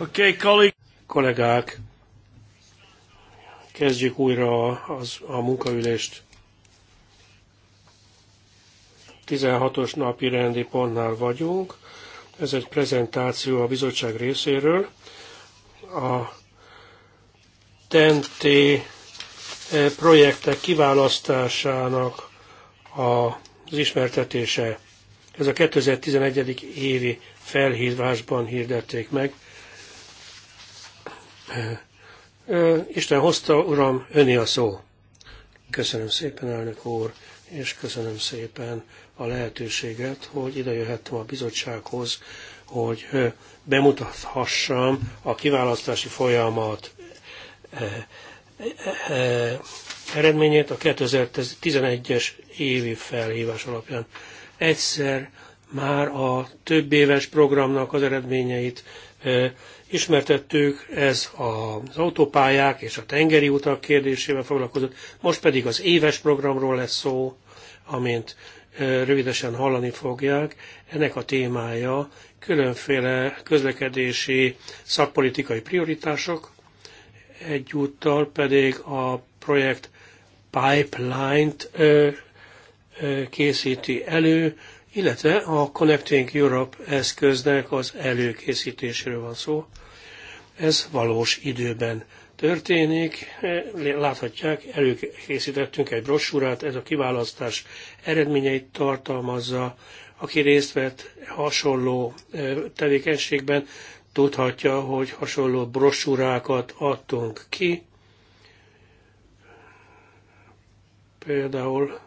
Okay, colleague. Kollégák, kezdjük újra az, a munkaülést. 16-os napi rendi pontnál vagyunk. Ez egy prezentáció a bizottság részéről. A TNT eh, projektek kiválasztásának az ismertetése. Ez a 2011. évi felhívásban hirdették meg. Isten hozta, Uram, öné a szó. Köszönöm szépen, elnök úr, és köszönöm szépen a lehetőséget, hogy ide jöhettem a bizottsághoz, hogy bemutathassam a kiválasztási folyamat eredményét a 2011-es évi felhívás alapján. Egyszer már a több éves programnak az eredményeit ismertettük, ez az autópályák és a tengeri utak kérdésével foglalkozott, most pedig az éves programról lesz szó, amint rövidesen hallani fogják. Ennek a témája különféle közlekedési szakpolitikai prioritások, egyúttal pedig a projekt pipeline-t készíti elő, illetve a Connecting Europe eszköznek az előkészítéséről van szó. Ez valós időben történik. Láthatják, előkészítettünk egy brosúrát, ez a kiválasztás eredményeit tartalmazza. Aki részt vett hasonló tevékenységben, tudhatja, hogy hasonló brosúrákat adtunk ki. Például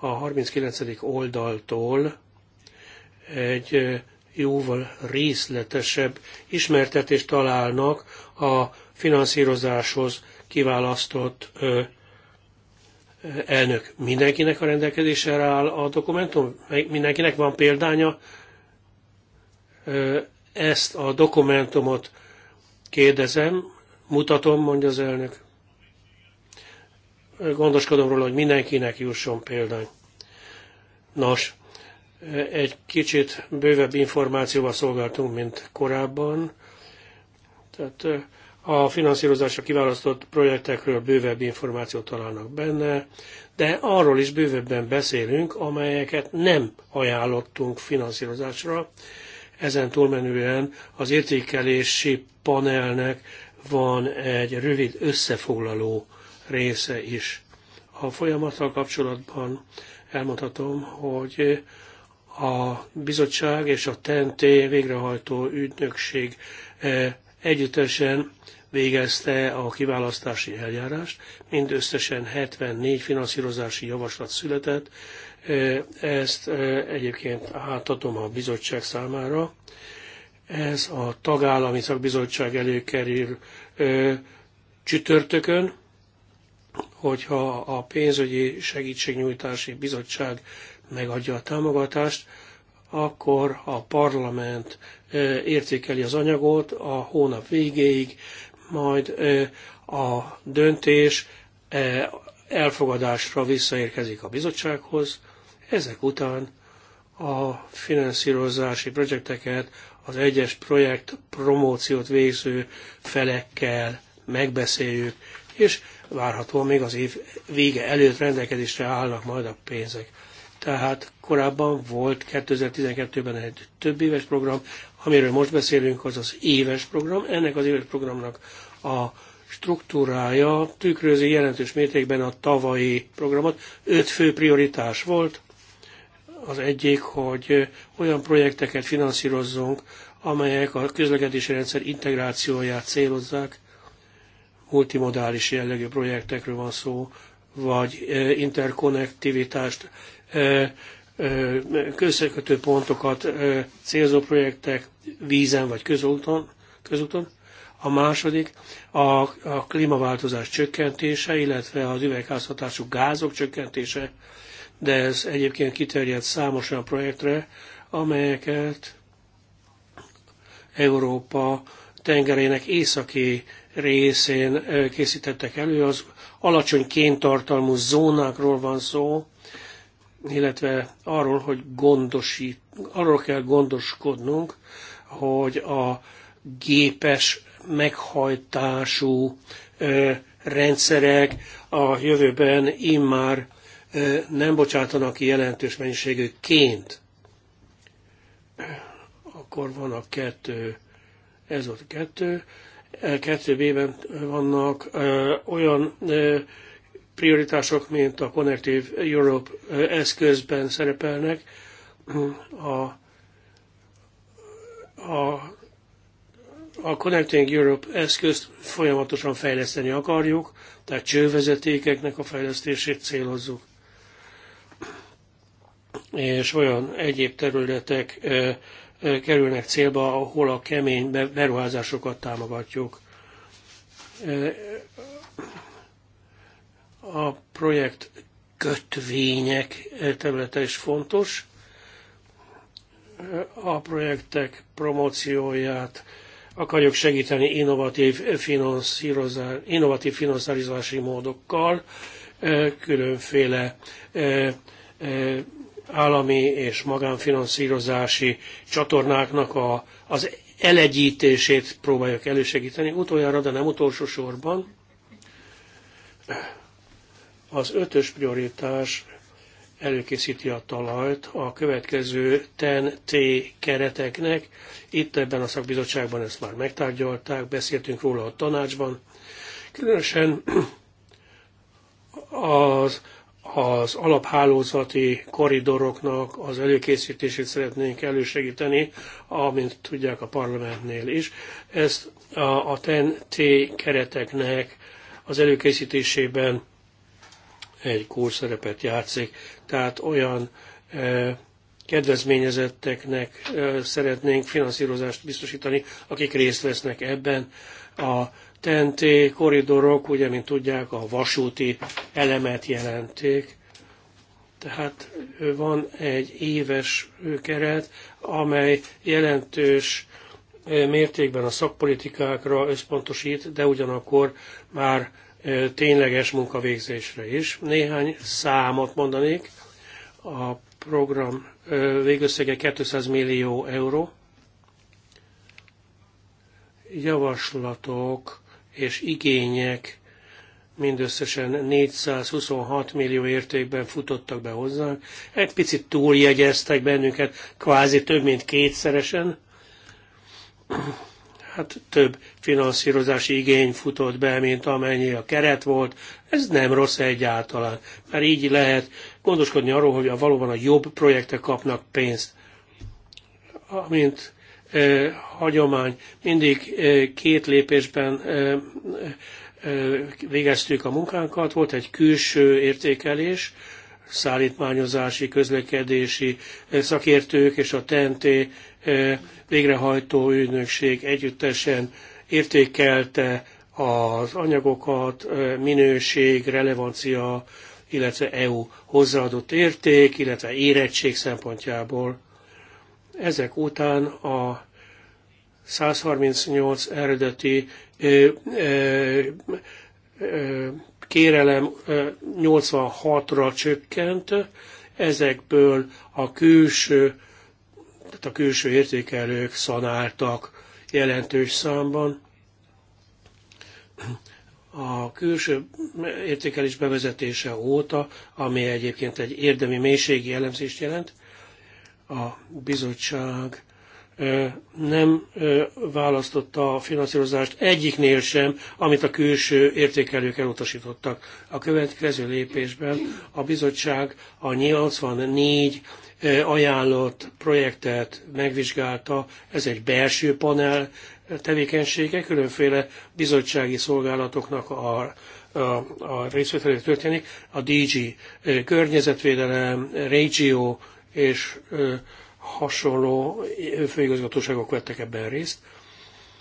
a 39. oldaltól egy jóval részletesebb ismertetést találnak a finanszírozáshoz kiválasztott elnök. Mindenkinek a rendelkezésre áll a dokumentum? Mindenkinek van példánya? Ezt a dokumentumot kérdezem, mutatom, mondja az elnök gondoskodom róla, hogy mindenkinek jusson példány. Nos, egy kicsit bővebb információval szolgáltunk, mint korábban. Tehát eh, a finanszírozásra kiválasztott projektekről bővebb információt találnak benne, de arról is bővebben beszélünk, amelyeket nem ajánlottunk finanszírozásra. Ezen túlmenően az értékelési panelnek van egy rövid összefoglaló része is. A folyamattal kapcsolatban elmondhatom, hogy a bizottság és a TNT végrehajtó ügynökség eh, együttesen végezte a kiválasztási eljárást, mindösszesen 74 finanszírozási javaslat született, eh, ezt eh, egyébként átadom a bizottság számára. Ez a tagállami szakbizottság előkerül csütörtökön, hogyha a pénzügyi segítségnyújtási bizottság megadja a támogatást, akkor a parlament értékeli az anyagot a hónap végéig, majd a döntés elfogadásra visszaérkezik a bizottsághoz, ezek után a finanszírozási projekteket az egyes projekt promóciót végző felekkel megbeszéljük, és várható még az év vége előtt rendelkezésre állnak majd a pénzek. Tehát korábban volt 2012-ben egy több éves program, amiről most beszélünk, az az éves program. Ennek az éves programnak a struktúrája tükrözi jelentős mértékben a tavalyi programot. Öt fő prioritás volt. Az egyik, hogy olyan projekteket finanszírozzunk, amelyek a közlekedési rendszer integrációját célozzák, multimodális jellegű projektekről van szó, vagy e, interkonnektivitást, e, e, közszerkötő pontokat célzó projektek vízen vagy közúton, közúton. A második a, a klímaváltozás csökkentése, illetve az üvegházhatású gázok csökkentése, de ez egyébként kiterjed számos olyan projektre, amelyeket Európa tengerének északi részén készítettek elő, az alacsony kéntartalmú zónákról van szó, illetve arról, hogy gondosít, arról kell gondoskodnunk, hogy a gépes meghajtású ö, rendszerek a jövőben immár ö, nem bocsátanak ki jelentős mennyiségű ként. Akkor van a kettő, ez volt a kettő. 2B-ben vannak olyan prioritások, mint a Connective Europe eszközben szerepelnek. A, a, a Connecting Europe eszközt folyamatosan fejleszteni akarjuk, tehát csővezetékeknek a fejlesztését célozzuk. És olyan egyéb területek kerülnek célba, ahol a kemény beruházásokat támogatjuk. A projekt kötvények területe is fontos. A projektek promócióját akarjuk segíteni innovatív, finanszírozás, innovatív finanszírozási módokkal, különféle állami és magánfinanszírozási csatornáknak a, az elegyítését próbáljuk elősegíteni. Utoljára, de nem utolsó sorban, az ötös prioritás előkészíti a talajt a következő TEN-T kereteknek. Itt ebben a szakbizottságban ezt már megtárgyalták, beszéltünk róla a tanácsban. Különösen az az alaphálózati koridoroknak az előkészítését szeretnénk elősegíteni, amint tudják a parlamentnél is. Ezt a, a TEN-T kereteknek az előkészítésében egy kórszerepet játszik, tehát olyan e, kedvezményezetteknek e, szeretnénk finanszírozást biztosítani, akik részt vesznek ebben a TNT koridorok, ugye, mint tudják, a vasúti elemet jelenték. Tehát van egy éves keret, amely jelentős eh, mértékben a szakpolitikákra összpontosít, de ugyanakkor már eh, tényleges munkavégzésre is. Néhány számot mondanék. A program eh, végösszege 200 millió euró. Javaslatok és igények mindösszesen 426 millió értékben futottak be hozzánk. Egy picit túljegyeztek bennünket, kvázi több mint kétszeresen. Hát több finanszírozási igény futott be, mint amennyi a keret volt. Ez nem rossz egyáltalán, mert így lehet gondoskodni arról, hogy a valóban a jobb projektek kapnak pénzt. Amint hagyomány. Mindig két lépésben végeztük a munkánkat, volt egy külső értékelés, szállítmányozási, közlekedési szakértők és a TNT végrehajtó ügynökség együttesen értékelte az anyagokat, minőség, relevancia, illetve EU hozzáadott érték, illetve érettség szempontjából ezek után a 138 eredeti ö, ö, ö, kérelem 86-ra csökkent, ezekből a külső, tehát a külső értékelők szanáltak jelentős számban. A külső értékelés bevezetése óta, ami egyébként egy érdemi mélységi elemzést jelent, a bizottság nem választotta a finanszírozást egyiknél sem, amit a külső értékelők elutasítottak. A következő lépésben a bizottság a 84 ajánlott projektet megvizsgálta, ez egy belső panel tevékenysége, különféle bizottsági szolgálatoknak a a, a részvételő történik, a DG környezetvédelem, régió, és hasonló főigazgatóságok vettek ebben részt,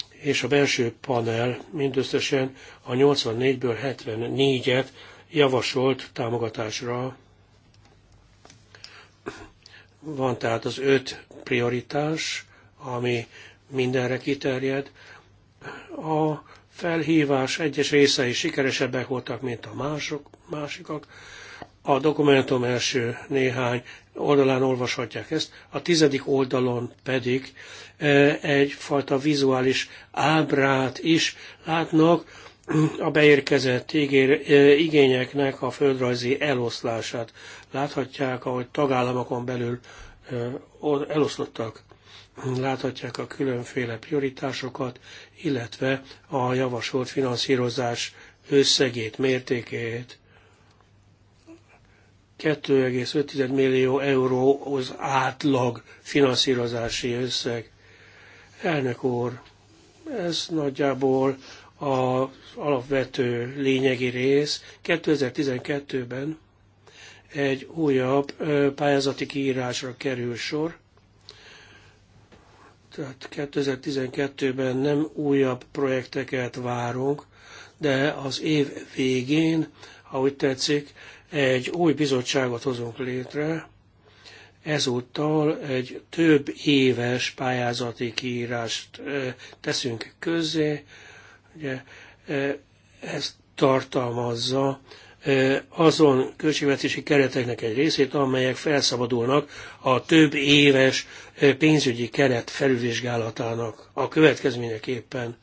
és a belső panel mindösszesen a 84-ből 74-et javasolt támogatásra. Van tehát az öt prioritás, ami mindenre kiterjed. A felhívás egyes részei sikeresebbek voltak, mint a mások, másikak. A dokumentum első néhány oldalán olvashatják ezt, a tizedik oldalon pedig e, egyfajta vizuális ábrát is látnak a beérkezett e, igényeknek a földrajzi eloszlását. Láthatják, ahogy tagállamokon belül e, eloszlottak. Láthatják a különféle prioritásokat, illetve a javasolt finanszírozás összegét, mértékét. 2,5 millió euró az átlag finanszírozási összeg. Elnök úr, ez nagyjából az alapvető lényegi rész. 2012-ben egy újabb pályázati kiírásra kerül sor. Tehát 2012-ben nem újabb projekteket várunk, de az év végén, ha tetszik, egy új bizottságot hozunk létre, ezúttal egy több éves pályázati kiírást teszünk közzé, ugye ez tartalmazza azon költségvetési kereteknek egy részét, amelyek felszabadulnak a több éves pénzügyi keret felülvizsgálatának a következményeképpen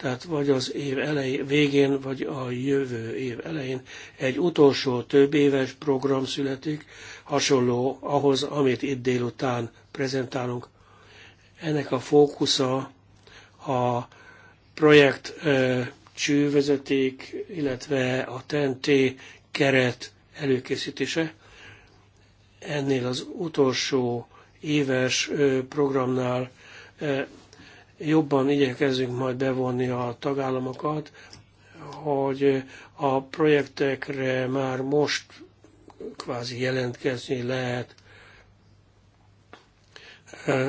tehát vagy az év elején, végén, vagy a jövő év elején egy utolsó több éves program születik, hasonló ahhoz, amit itt délután prezentálunk. Ennek a fókusza a projekt e, csővezeték, illetve a TNT keret előkészítése. Ennél az utolsó éves programnál jobban igyekezünk majd bevonni a tagállamokat, hogy a projektekre már most kvázi jelentkezni lehet.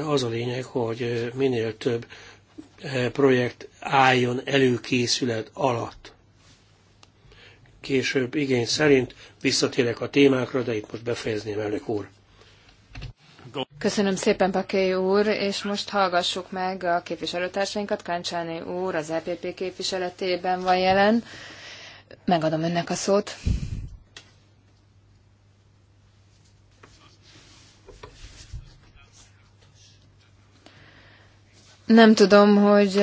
Az a lényeg, hogy minél több eh, projekt álljon előkészület alatt. Később igény szerint visszatérek a témákra, de itt most befejezném, elnök úr. Köszönöm szépen, Paké úr, és most hallgassuk meg a képviselőtársainkat. Káncsáné úr az EPP képviseletében van jelen. Megadom önnek a szót. Nem tudom, hogy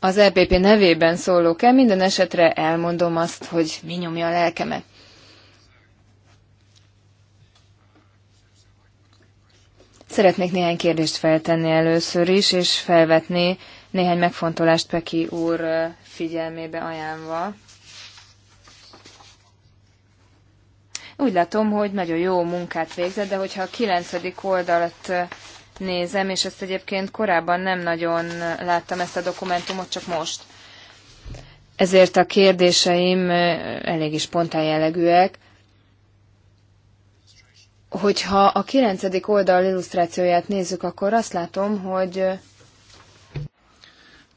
az EPP nevében szólok-e, minden esetre elmondom azt, hogy mi nyomja a lelkemet. Szeretnék néhány kérdést feltenni először is, és felvetni néhány megfontolást Peki úr figyelmébe ajánlva. Úgy látom, hogy nagyon jó munkát végzett, de hogyha a kilencedik oldalt nézem, és ezt egyébként korábban nem nagyon láttam ezt a dokumentumot, csak most. Ezért a kérdéseim eléggé spontán jellegűek. Hogyha a kilencedik oldal illusztrációját nézzük, akkor azt látom, hogy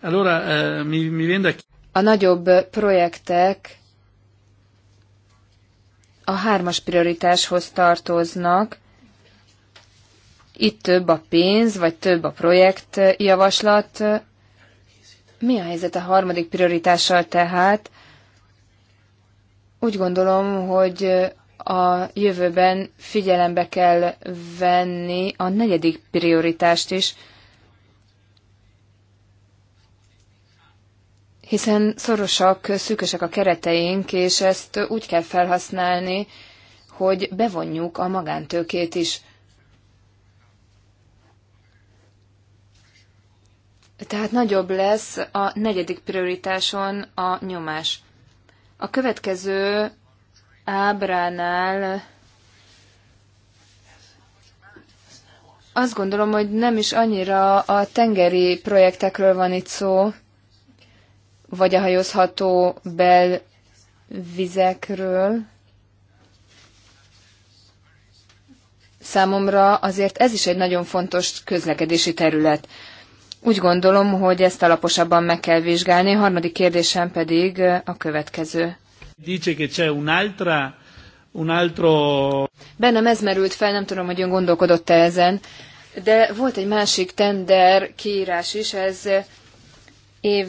Allora, eh, mi, mi vende... a nagyobb projektek a hármas prioritáshoz tartoznak, itt több a pénz, vagy több a projekt javaslat? Mi a helyzet a harmadik prioritással tehát? Úgy gondolom, hogy a jövőben figyelembe kell venni a negyedik prioritást is, hiszen szorosak, szűkösek a kereteink, és ezt úgy kell felhasználni, hogy bevonjuk a magántőkét is. Tehát nagyobb lesz a negyedik prioritáson a nyomás. A következő ábránál azt gondolom, hogy nem is annyira a tengeri projektekről van itt szó, vagy a hajózható belvizekről. Számomra azért ez is egy nagyon fontos közlekedési terület. Úgy gondolom, hogy ezt alaposabban meg kell vizsgálni. A harmadik kérdésem pedig a következő. Dice che c'è un'altra, un altro... Bennem ez merült fel, nem tudom, hogy ön gondolkodott -e ezen, de volt egy másik tender kiírás is, ez év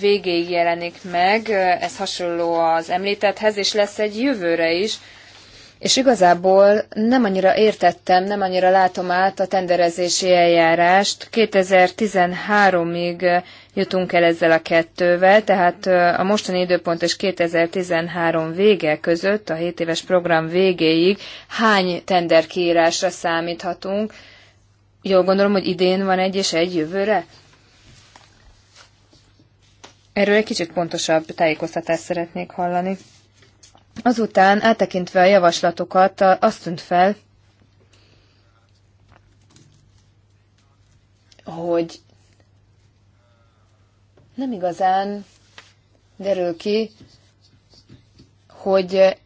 végéig jelenik meg, ez hasonló az említetthez, és lesz egy jövőre is, és igazából nem annyira értettem, nem annyira látom át a tenderezési eljárást. 2013-ig jutunk el ezzel a kettővel, tehát a mostani időpont és 2013 vége között, a 7 éves program végéig hány tenderkiírásra számíthatunk? Jól gondolom, hogy idén van egy és egy jövőre? Erről egy kicsit pontosabb tájékoztatást szeretnék hallani. Azután áttekintve a javaslatokat, azt tűnt fel, hogy nem igazán derül ki, hogy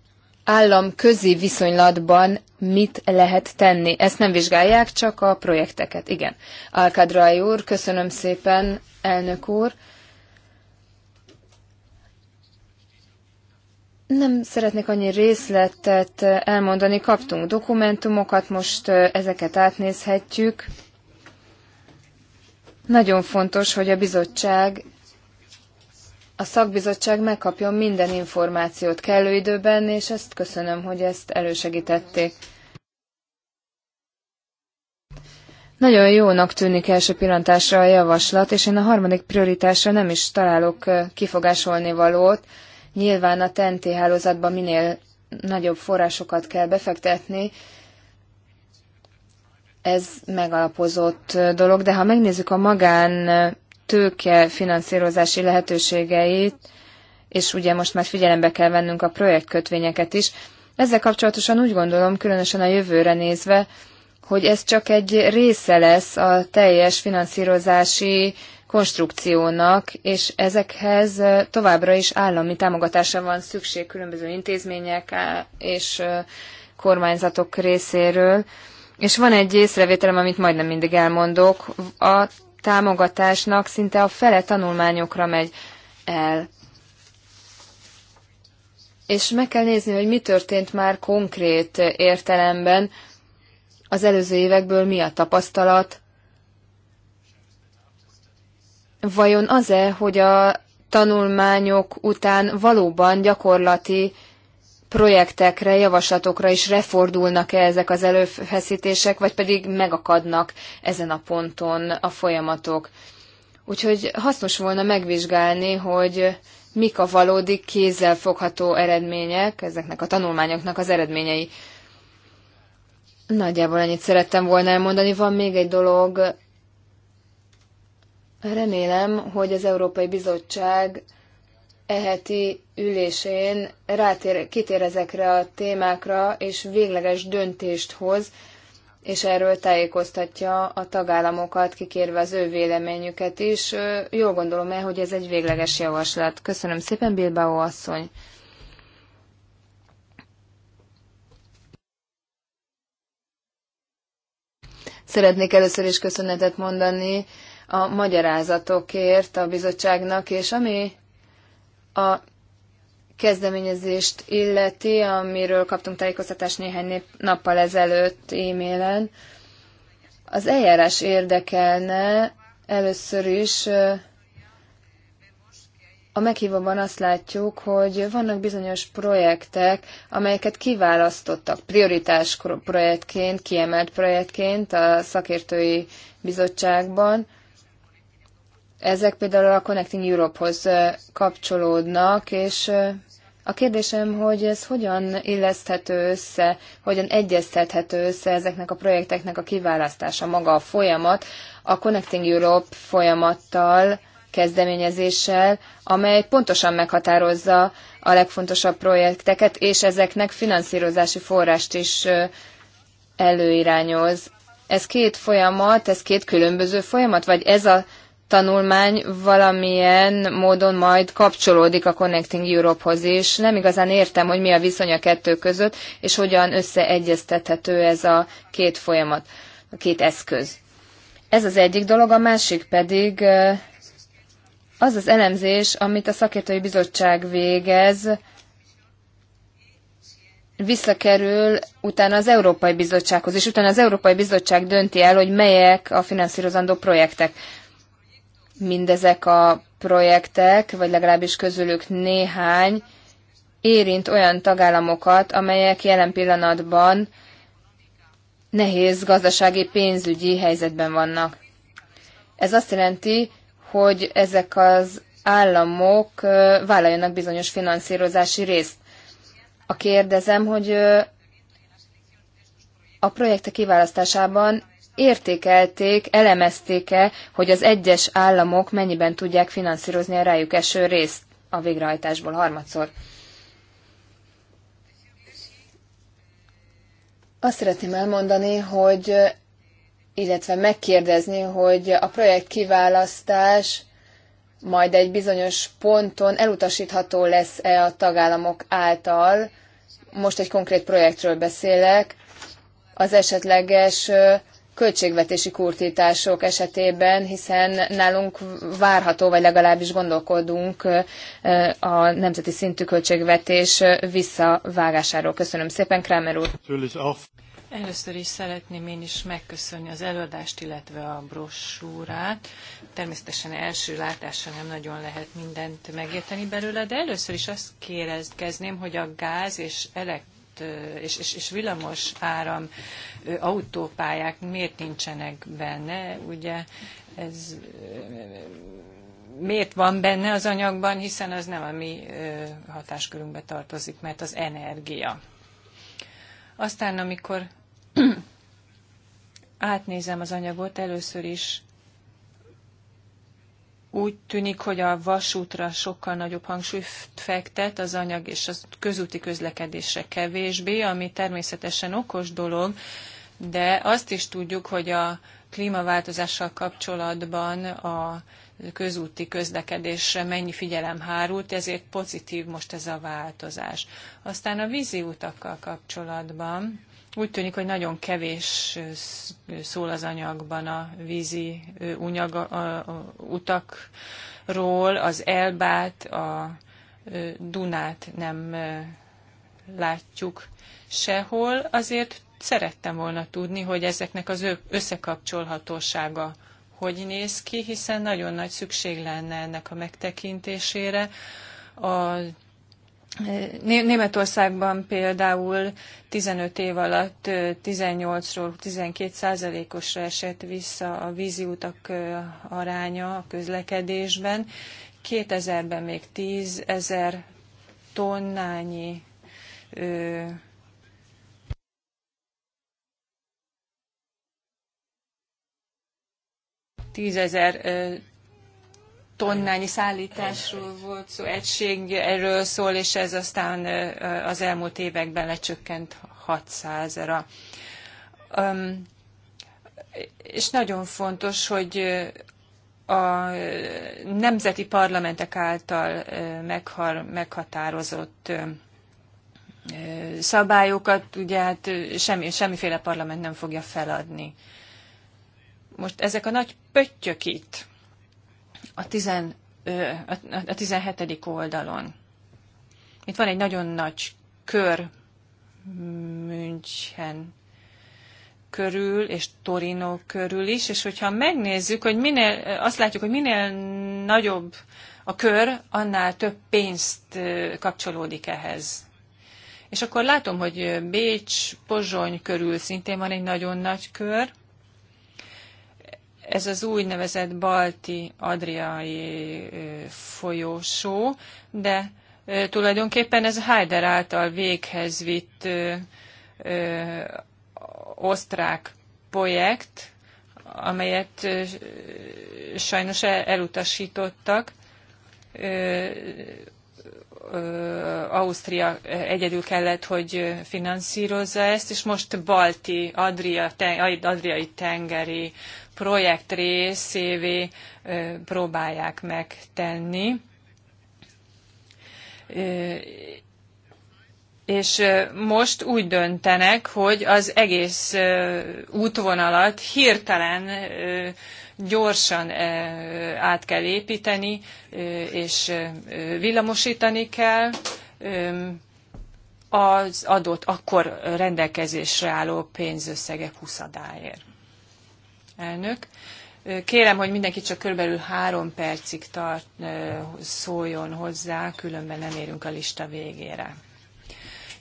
államközi viszonylatban mit lehet tenni. Ezt nem vizsgálják, csak a projekteket. Igen. Alkadrai úr, köszönöm szépen, elnök úr. Nem szeretnék annyi részletet elmondani, kaptunk dokumentumokat, most ezeket átnézhetjük. Nagyon fontos, hogy a bizottság a szakbizottság megkapjon minden információt kellő időben, és ezt köszönöm, hogy ezt elősegítették. Nagyon jónak tűnik első pillantásra a javaslat, és én a harmadik prioritásra nem is találok kifogásolni valót. Nyilván a TNT hálózatban minél nagyobb forrásokat kell befektetni, ez megalapozott dolog, de ha megnézzük a magán tőke finanszírozási lehetőségeit, és ugye most már figyelembe kell vennünk a projektkötvényeket is. Ezzel kapcsolatosan úgy gondolom, különösen a jövőre nézve, hogy ez csak egy része lesz a teljes finanszírozási konstrukciónak, és ezekhez továbbra is állami támogatásra van szükség különböző intézmények és kormányzatok részéről. És van egy észrevételem, amit majdnem mindig elmondok. A támogatásnak szinte a fele tanulmányokra megy el. És meg kell nézni, hogy mi történt már konkrét értelemben az előző évekből mi a tapasztalat. Vajon az-e, hogy a tanulmányok után valóban gyakorlati projektekre, javaslatokra is refordulnak-e ezek az előfeszítések, vagy pedig megakadnak ezen a ponton a folyamatok. Úgyhogy hasznos volna megvizsgálni, hogy mik a valódi fogható eredmények, ezeknek a tanulmányoknak az eredményei. Nagyjából ennyit szerettem volna elmondani. Van még egy dolog. Remélem, hogy az Európai Bizottság eheti ülésén rátér, kitér ezekre a témákra, és végleges döntést hoz, és erről tájékoztatja a tagállamokat, kikérve az ő véleményüket is. Jól gondolom el, hogy ez egy végleges javaslat. Köszönöm szépen, Bilbao asszony! Szeretnék először is köszönetet mondani a magyarázatokért a bizottságnak, és ami a kezdeményezést illeti, amiről kaptunk tájékoztatást néhány nappal ezelőtt e-mailen. Az eljárás érdekelne először is a meghívóban azt látjuk, hogy vannak bizonyos projektek, amelyeket kiválasztottak prioritás projektként, kiemelt projektként a szakértői bizottságban, ezek például a Connecting Europe-hoz kapcsolódnak, és a kérdésem, hogy ez hogyan illeszthető össze, hogyan egyeztethető össze ezeknek a projekteknek a kiválasztása, maga a folyamat, a Connecting Europe folyamattal, kezdeményezéssel, amely pontosan meghatározza a legfontosabb projekteket, és ezeknek finanszírozási forrást is előirányoz. Ez két folyamat, ez két különböző folyamat, vagy ez a tanulmány valamilyen módon majd kapcsolódik a Connecting Europe-hoz is. Nem igazán értem, hogy mi a viszony a kettő között, és hogyan összeegyeztethető ez a két folyamat, a két eszköz. Ez az egyik dolog, a másik pedig az az elemzés, amit a szakértői bizottság végez, visszakerül utána az Európai Bizottsághoz, és utána az Európai Bizottság dönti el, hogy melyek a finanszírozandó projektek mindezek a projektek, vagy legalábbis közülük néhány érint olyan tagállamokat, amelyek jelen pillanatban nehéz gazdasági pénzügyi helyzetben vannak. Ez azt jelenti, hogy ezek az államok vállaljanak bizonyos finanszírozási részt. A kérdezem, hogy a projektek kiválasztásában értékelték, elemezték-e, hogy az egyes államok mennyiben tudják finanszírozni a rájuk eső részt a végrehajtásból harmadszor? Azt szeretném elmondani, hogy illetve megkérdezni, hogy a projekt kiválasztás majd egy bizonyos ponton elutasítható lesz-e a tagállamok által. Most egy konkrét projektről beszélek. Az esetleges költségvetési kurtítások esetében, hiszen nálunk várható, vagy legalábbis gondolkodunk a nemzeti szintű költségvetés visszavágásáról. Köszönöm szépen, Kramer úr! Először is szeretném én is megköszönni az előadást, illetve a brosúrát. Természetesen első látásra nem nagyon lehet mindent megérteni belőle, de először is azt kérdezném, hogy a gáz és elektronikus és, és, és villamos áram autópályák miért nincsenek benne, ugye ez miért van benne az anyagban, hiszen az nem a mi hatáskörünkbe tartozik, mert az energia. Aztán, amikor átnézem az anyagot, először is úgy tűnik, hogy a vasútra sokkal nagyobb hangsúlyt fektet, az anyag és a közúti közlekedésre kevésbé, ami természetesen okos dolog, de azt is tudjuk, hogy a klímaváltozással kapcsolatban a közúti közlekedésre mennyi figyelem hárult, ezért pozitív most ez a változás. Aztán a vízi utakkal kapcsolatban úgy tűnik, hogy nagyon kevés szól az anyagban a vízi unyag, a, a utakról, az Elbát, a Dunát nem látjuk sehol. Azért szerettem volna tudni, hogy ezeknek az összekapcsolhatósága hogy néz ki, hiszen nagyon nagy szükség lenne ennek a megtekintésére. A Németországban például 15 év alatt 18-ról 12 százalékosra esett vissza a vízi utak aránya a közlekedésben. 2000-ben még 10 ezer tonnányi tízezer 10 tonnányi szállításról volt szó, egység erről szól, és ez aztán az elmúlt években lecsökkent 600-ra. és nagyon fontos, hogy a nemzeti parlamentek által meghatározott szabályokat, ugye hát semmi, semmiféle parlament nem fogja feladni. Most ezek a nagy pöttyök itt, a, tizen, a 17. oldalon. Itt van egy nagyon nagy kör München körül, és Torino körül is, és hogyha megnézzük, hogy minél, azt látjuk, hogy minél nagyobb a kör, annál több pénzt kapcsolódik ehhez. És akkor látom, hogy Bécs, Pozsony körül szintén van egy nagyon nagy kör, ez az úgynevezett balti-adriai folyósó, de tulajdonképpen ez Heider által véghez vitt ö, ö, osztrák projekt, amelyet ö, sajnos elutasítottak. Ö, Ausztria egyedül kellett, hogy finanszírozza ezt, és most balti, adria, ten, adriai tengeri projekt részévé próbálják megtenni. És most úgy döntenek, hogy az egész útvonalat hirtelen gyorsan át kell építeni, és villamosítani kell az adott akkor rendelkezésre álló pénzösszegek huszadáért elnök. Kérem, hogy mindenki csak körülbelül három percig tart, szóljon hozzá, különben nem érünk a lista végére.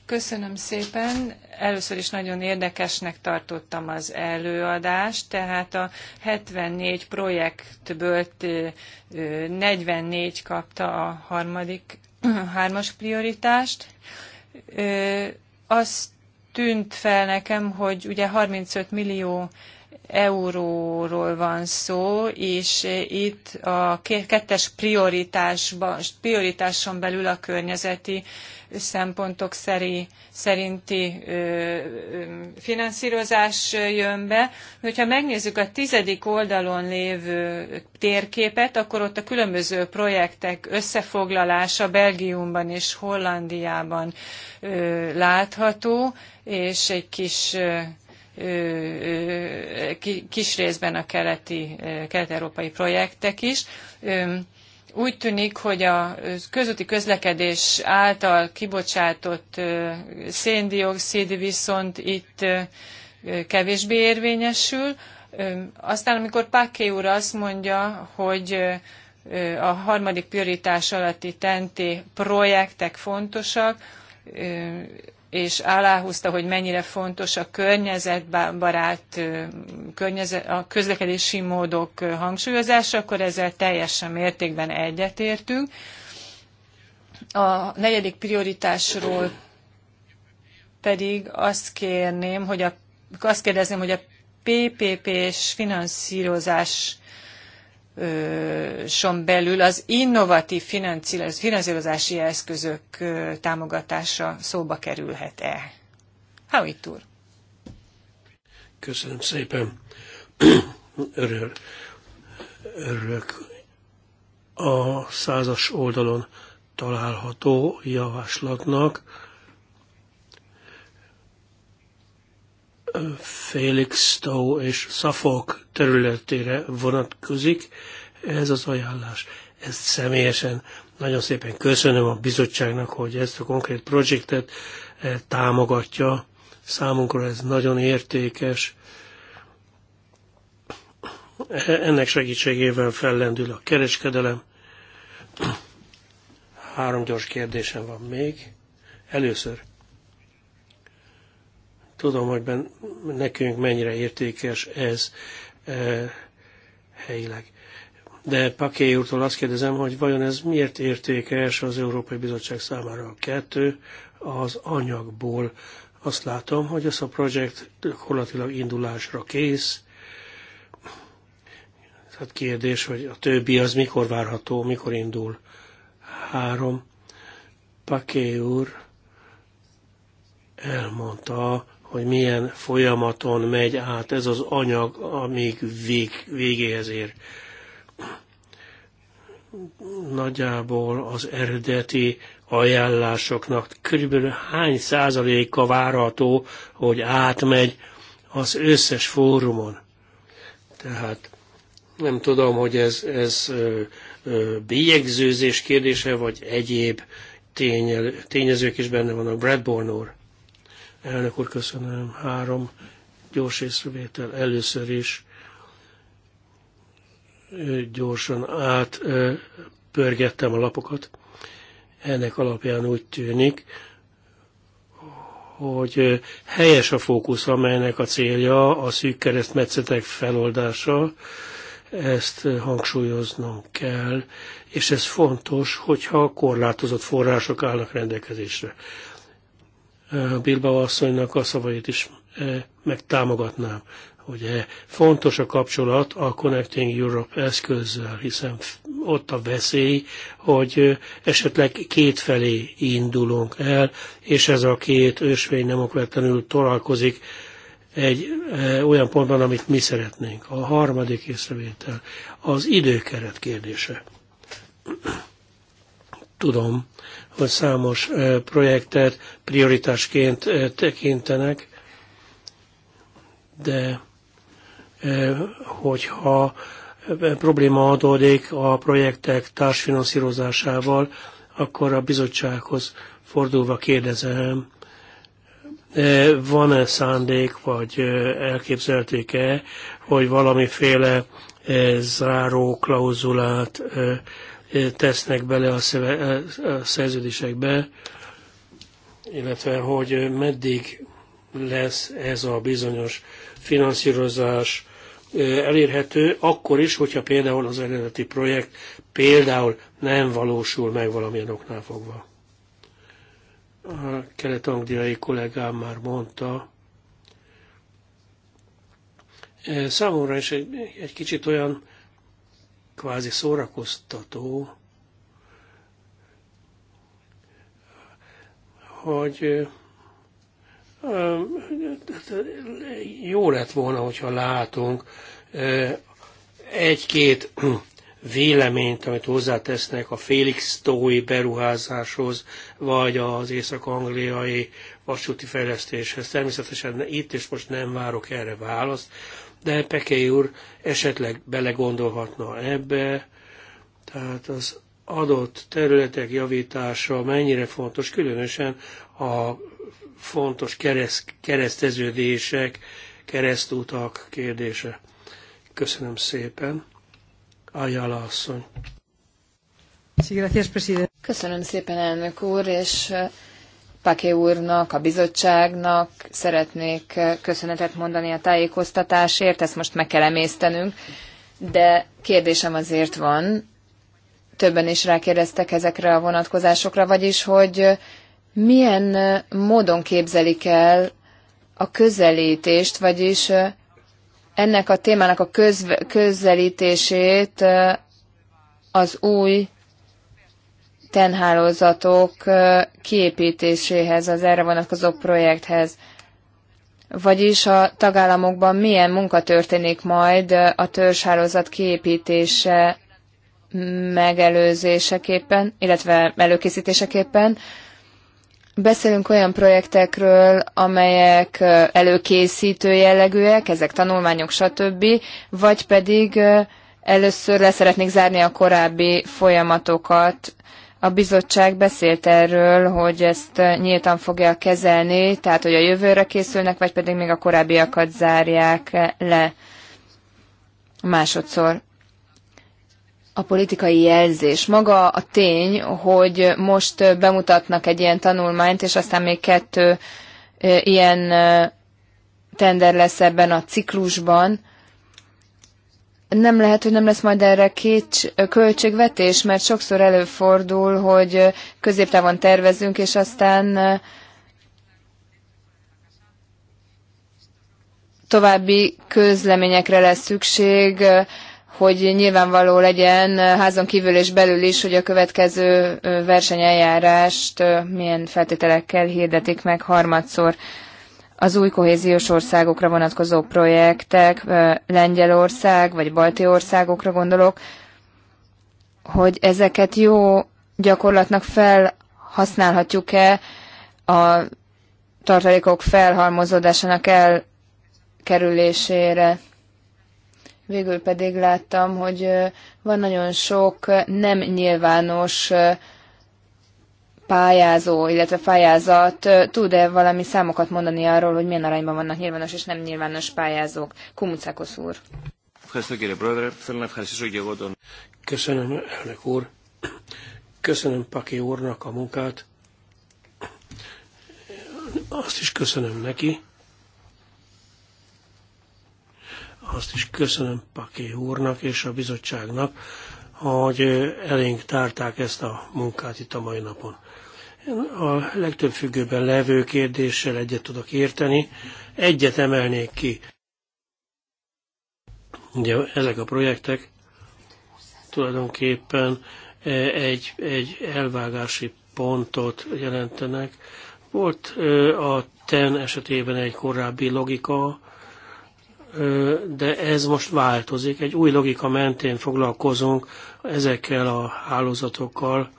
Köszönöm szépen. Először is nagyon érdekesnek tartottam az előadást, tehát a 74 projektből 44 kapta a harmadik, hármas prioritást. Azt tűnt fel nekem, hogy ugye 35 millió euróról van szó, és itt a kettes prioritásban, prioritáson belül a környezeti szempontok szeri, szerinti ö, ö, finanszírozás jön be. Hogyha megnézzük a tizedik oldalon lévő térképet, akkor ott a különböző projektek összefoglalása Belgiumban és Hollandiában ö, látható, és egy kis ö, kis részben a keleti, kelet-európai projektek is. Úgy tűnik, hogy a közúti közlekedés által kibocsátott széndiokszid viszont itt kevésbé érvényesül. Aztán, amikor Páké úr azt mondja, hogy a harmadik prioritás alatti tenti projektek fontosak, és aláhúzta, hogy mennyire fontos a környezetbarát, környezet, a közlekedési módok hangsúlyozása, akkor ezzel teljesen mértékben egyetértünk. A negyedik prioritásról pedig azt kérném, hogy a, azt kérdezném, hogy a PPP-s finanszírozás son belül az innovatív finanszírozási eszközök támogatása szóba kerülhet-e? Howitt úr. Köszönöm szépen. Örül, örülök. A százas oldalon található javaslatnak Felixstowe és Suffolk területére vonatkozik ez az ajánlás. Ezt személyesen nagyon szépen köszönöm a bizottságnak, hogy ezt a konkrét projektet eh, támogatja. Számunkra ez nagyon értékes. Eh, ennek segítségével fellendül a kereskedelem. Három gyors kérdésem van még. Először, Tudom, hogy ben, nekünk mennyire értékes ez e, helyileg. De Paké úrtól azt kérdezem, hogy vajon ez miért értékes az Európai Bizottság számára a kettő, az anyagból azt látom, hogy ez a projekt gyakorlatilag indulásra kész. Tehát kérdés, hogy a többi az mikor várható, mikor indul. Három. Paké úr elmondta hogy milyen folyamaton megy át ez az anyag, amíg vég, végéhez ér. Nagyjából az eredeti ajánlásoknak körülbelül hány százaléka várható, hogy átmegy az összes fórumon. Tehát nem tudom, hogy ez, ez bélyegzőzés kérdése, vagy egyéb tényezők is benne vannak. Bradborn úr. Elnök úr, köszönöm. Három gyors észrevétel. Először is gyorsan átpörgettem a lapokat. Ennek alapján úgy tűnik, hogy helyes a fókusz, amelynek a célja a szűk keresztmetszetek feloldása, ezt hangsúlyoznom kell, és ez fontos, hogyha korlátozott források állnak rendelkezésre. Bilbao asszonynak a szavait is megtámogatnám. hogy fontos a kapcsolat a Connecting Europe eszközzel, hiszen ott a veszély, hogy esetleg két felé indulunk el, és ez a két ösvény nem okvetlenül találkozik egy olyan pontban, amit mi szeretnénk. A harmadik észrevétel az időkeret kérdése. Tudom, hogy számos projektet prioritásként tekintenek, de hogyha probléma adódik a projektek társfinanszírozásával, akkor a bizottsághoz fordulva kérdezem, van-e szándék, vagy elképzelték-e, hogy valamiféle záró klauzulát tesznek bele a szerződésekbe, illetve hogy meddig lesz ez a bizonyos finanszírozás elérhető, akkor is, hogyha például az eredeti projekt például nem valósul meg valamilyen oknál fogva. A kelet-angliai kollégám már mondta, számomra is egy, egy kicsit olyan kvázi szórakoztató, hogy hát, hát, jó lett volna, hogyha látunk egy-két véleményt, amit hozzátesznek a Félix Tói beruházáshoz, vagy az észak-angliai vasúti fejlesztéshez. Természetesen itt és most nem várok erre választ, de Pekei úr esetleg belegondolhatna ebbe, tehát az adott területek javítása mennyire fontos, különösen a fontos kereszt, kereszteződések, keresztutak kérdése. Köszönöm szépen. Ajala asszony. Köszönöm szépen, elnök úr, és Paké úrnak, a bizottságnak szeretnék eh, köszönetet mondani a tájékoztatásért, ezt most meg kell emésztenünk, de kérdésem azért van, többen is rákérdeztek ezekre a vonatkozásokra, vagyis, hogy eh, milyen eh, módon képzelik el a közelítést, vagyis ennek a témának a közve, közelítését az új tenhálózatok kiépítéséhez, az erre vonatkozó projekthez. Vagyis a tagállamokban milyen munka történik majd a törzshálózat kiépítése megelőzéseképpen, illetve előkészítéseképpen. Beszélünk olyan projektekről, amelyek előkészítő jellegűek, ezek tanulmányok, stb., vagy pedig először leszeretnék zárni a korábbi folyamatokat, a bizottság beszélt erről, hogy ezt nyíltan fogja kezelni, tehát hogy a jövőre készülnek, vagy pedig még a korábbiakat zárják le másodszor. A politikai jelzés. Maga a tény, hogy most bemutatnak egy ilyen tanulmányt, és aztán még kettő ilyen tender lesz ebben a ciklusban, nem lehet, hogy nem lesz majd erre két költségvetés, mert sokszor előfordul, hogy középtávon tervezünk, és aztán további közleményekre lesz szükség, hogy nyilvánvaló legyen házon kívül és belül is, hogy a következő versenyeljárást milyen feltételekkel hirdetik meg harmadszor az új kohéziós országokra vonatkozó projektek, Lengyelország vagy balti országokra gondolok, hogy ezeket jó gyakorlatnak felhasználhatjuk-e a tartalékok felhalmozódásának elkerülésére. Végül pedig láttam, hogy van nagyon sok nem nyilvános pályázó, illetve pályázat tud-e valami számokat mondani arról, hogy milyen arányban vannak nyilvános és nem nyilvános pályázók? Kumucákos úr. Köszönöm, elnök úr. Köszönöm Paki úrnak a munkát. Azt is köszönöm neki. Azt is köszönöm Paki úrnak és a bizottságnak, hogy elénk tárták ezt a munkát itt a mai napon a legtöbb függőben levő kérdéssel egyet tudok érteni. Egyet emelnék ki. Ugye ezek a projektek tulajdonképpen e, egy, egy elvágási pontot jelentenek. Volt e, a TEN esetében egy korábbi logika, e, de ez most változik. Egy új logika mentén foglalkozunk ezekkel a hálózatokkal,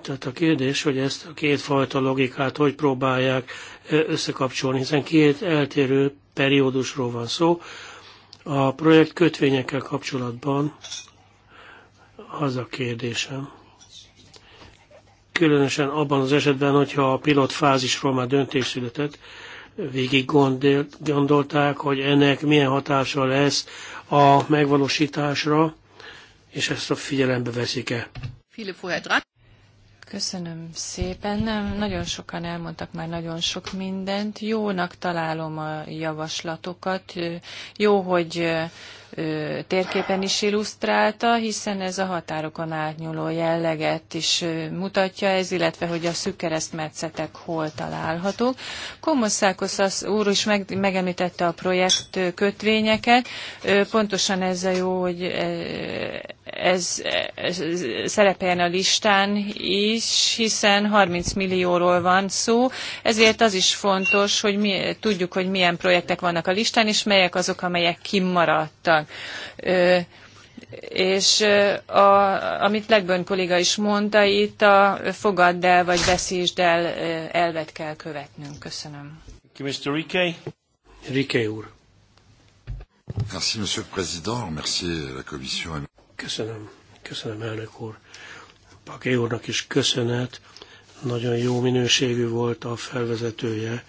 tehát a kérdés, hogy ezt a kétfajta logikát hogy próbálják összekapcsolni, hiszen két eltérő periódusról van szó. A projekt kötvényekkel kapcsolatban az a kérdésem. Különösen abban az esetben, hogyha a pilot fázisról már döntés született, végig gondolták, hogy ennek milyen hatása lesz a megvalósításra, és ezt a figyelembe veszik-e. Köszönöm szépen. Nem, nagyon sokan elmondtak már nagyon sok mindent. Jónak találom a javaslatokat. Jó, hogy térképen is illusztrálta, hiszen ez a határokon átnyúló jelleget is mutatja ez, illetve hogy a szűk keresztmetszetek hol találhatók. Komosszákos úr is meg, megemlítette a projekt kötvényeket. Pontosan ez a jó, hogy ez, ez szerepeljen a listán is, hiszen 30 millióról van szó, ezért az is fontos, hogy mi, tudjuk, hogy milyen projektek vannak a listán, és melyek azok, amelyek kimaradtak vannak. És a, amit Legbön kolléga is mondta, itt a fogadd el vagy beszítsd el elvet kell követnünk. Köszönöm. Mr. Rike. Rike úr. Merci, Monsieur le Président. Merci la Commission. Köszönöm. Köszönöm, elnök úr. Paké úrnak is köszönet. Nagyon jó minőségű volt a felvezetője.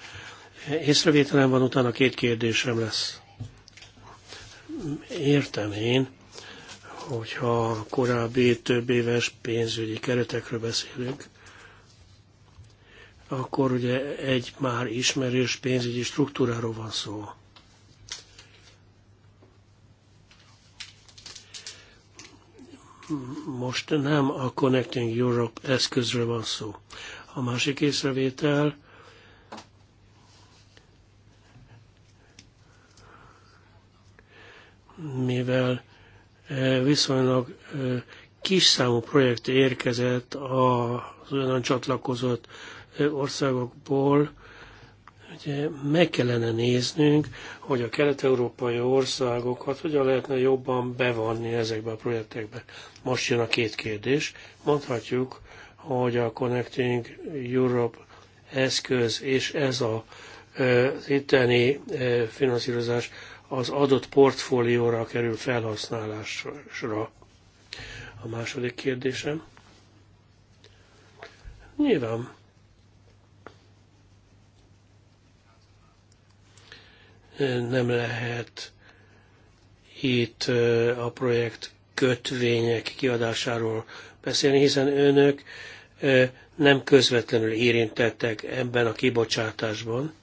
Észrevételem van, utána két kérdésem lesz értem én, hogyha a korábbi több éves pénzügyi keretekről beszélünk, akkor ugye egy már ismerős pénzügyi struktúráról van szó. Most nem a Connecting Europe eszközről van szó. A másik észrevétel, mivel eh, viszonylag eh, kis számú projekt érkezett az olyan csatlakozott eh, országokból, ugye meg kellene néznünk, hogy a kelet-európai országokat hogyan lehetne jobban bevonni ezekbe a projektekbe. Most jön a két kérdés. Mondhatjuk, hogy a Connecting Europe eszköz és ez a, az itteni finanszírozás az adott portfólióra kerül felhasználásra. A második kérdésem. Nyilván. Nem lehet itt a projekt kötvények kiadásáról beszélni, hiszen önök nem közvetlenül érintettek ebben a kibocsátásban.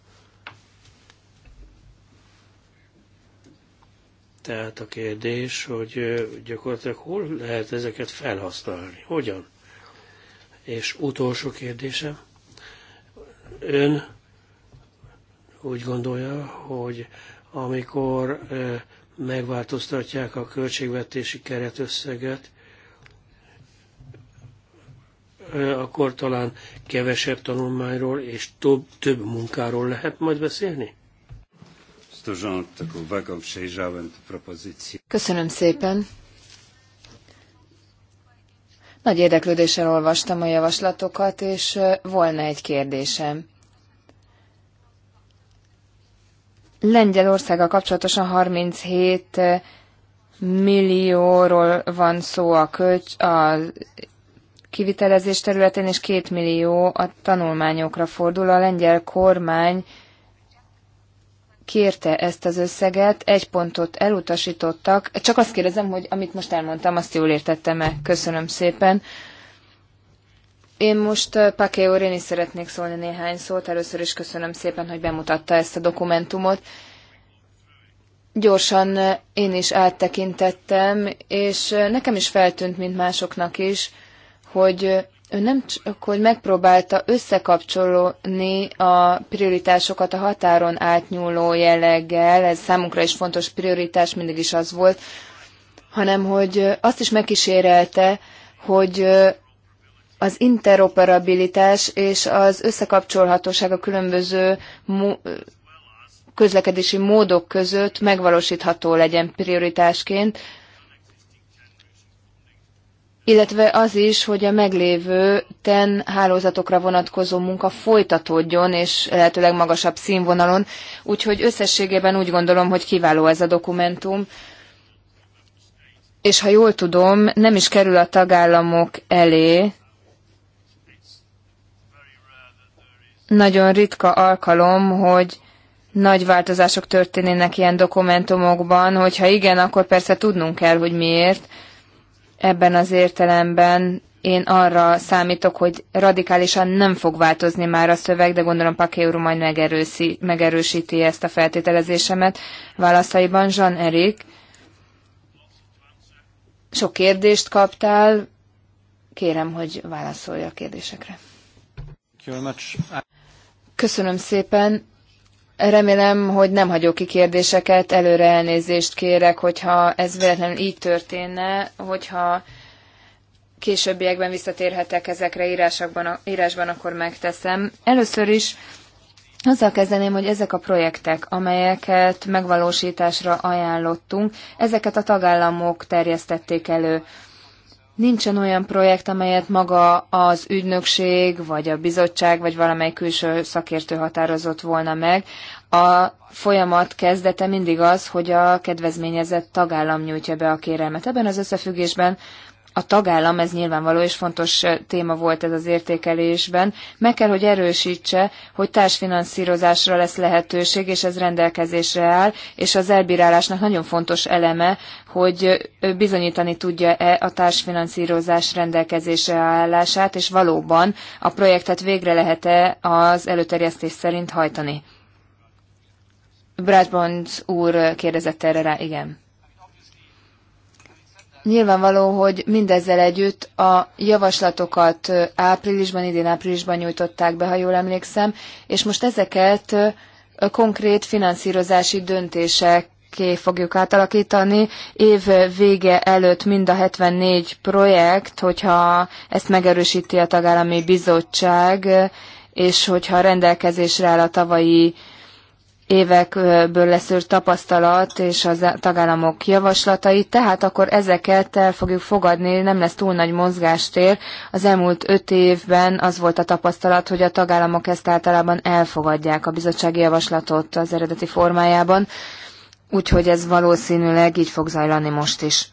Tehát a kérdés, hogy gyakorlatilag hol lehet ezeket felhasználni, hogyan? És utolsó kérdésem, ön úgy gondolja, hogy amikor megváltoztatják a költségvetési keretösszeget, akkor talán kevesebb tanulmányról és több, több munkáról lehet majd beszélni? Köszönöm szépen. Nagy érdeklődéssel olvastam a javaslatokat, és volna egy kérdésem. Lengyelországgal kapcsolatosan 37 millióról van szó a, költ, a kivitelezés területén, és 2 millió a tanulmányokra fordul. A lengyel kormány kérte ezt az összeget, egy pontot elutasítottak. Csak azt kérdezem, hogy amit most elmondtam, azt jól értettem-e? Köszönöm szépen. Én most eh, Paké úr, én is szeretnék szólni néhány szót. Először is köszönöm szépen, hogy bemutatta ezt a dokumentumot. Gyorsan eh, én is áttekintettem, és eh, nekem is feltűnt, mint másoknak is, hogy ő nem csak, hogy megpróbálta összekapcsolni a prioritásokat a határon átnyúló jelleggel, ez számunkra is fontos prioritás, mindig is az volt, hanem hogy azt is megkísérelte, hogy az interoperabilitás és az összekapcsolhatóság a különböző közlekedési módok között megvalósítható legyen prioritásként, illetve az is, hogy a meglévő TEN hálózatokra vonatkozó munka folytatódjon, és lehetőleg magasabb színvonalon. Úgyhogy összességében úgy gondolom, hogy kiváló ez a dokumentum. És ha jól tudom, nem is kerül a tagállamok elé. Nagyon ritka alkalom, hogy nagy változások történnének ilyen dokumentumokban, hogyha igen, akkor persze tudnunk kell, hogy miért Ebben az értelemben én arra számítok, hogy radikálisan nem fog változni már a szöveg, de gondolom Paké úr majd megerőszi, megerősíti ezt a feltételezésemet válaszaiban. Jean Erik, sok kérdést kaptál, kérem, hogy válaszolja a kérdésekre. Köszönöm szépen. Remélem, hogy nem hagyok ki kérdéseket, előre elnézést kérek, hogyha ez véletlenül így történne, hogyha későbbiekben visszatérhetek ezekre írásokban, írásban, akkor megteszem. Először is azzal kezdeném, hogy ezek a projektek, amelyeket megvalósításra ajánlottunk, ezeket a tagállamok terjesztették elő. Nincsen olyan projekt, amelyet maga az ügynökség, vagy a bizottság, vagy valamely külső szakértő határozott volna meg. A folyamat kezdete mindig az, hogy a kedvezményezett tagállam nyújtja be a kérelmet. Ebben az összefüggésben a tagállam, ez nyilvánvaló és fontos téma volt ez az értékelésben, meg kell, hogy erősítse, hogy társfinanszírozásra lesz lehetőség, és ez rendelkezésre áll, és az elbírálásnak nagyon fontos eleme, hogy bizonyítani tudja-e a társfinanszírozás rendelkezésre állását, és valóban a projektet végre lehet-e az előterjesztés szerint hajtani. Bond úr kérdezett erre rá, igen. Nyilvánvaló, hogy mindezzel együtt a javaslatokat áprilisban, idén áprilisban nyújtották be, ha jól emlékszem, és most ezeket konkrét finanszírozási döntések fogjuk átalakítani. Év vége előtt mind a 74 projekt, hogyha ezt megerősíti a tagállami bizottság, és hogyha rendelkezésre áll a tavalyi évekből leszűrt tapasztalat és a tagállamok javaslatai tehát akkor ezeket el fogjuk fogadni, nem lesz túl nagy mozgástér. Az elmúlt öt évben az volt a tapasztalat, hogy a tagállamok ezt általában elfogadják a bizottsági javaslatot az eredeti formájában, úgyhogy ez valószínűleg így fog zajlani most is.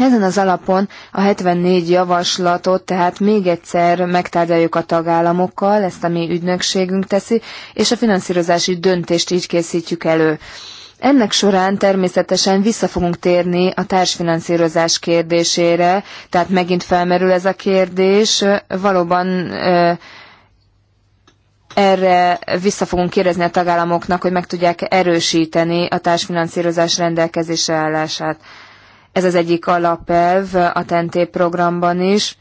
Ezen az alapon a 74 javaslatot tehát még egyszer megtárgyaljuk a tagállamokkal, ezt a mi ügynökségünk teszi, és a finanszírozási döntést így készítjük elő. Ennek során természetesen vissza fogunk térni a társfinanszírozás kérdésére, tehát megint felmerül ez a kérdés. Valóban erre vissza fogunk kérdezni a tagállamoknak, hogy meg tudják erősíteni a társfinanszírozás rendelkezésre állását. Ez az egyik alapelv a TNT programban is.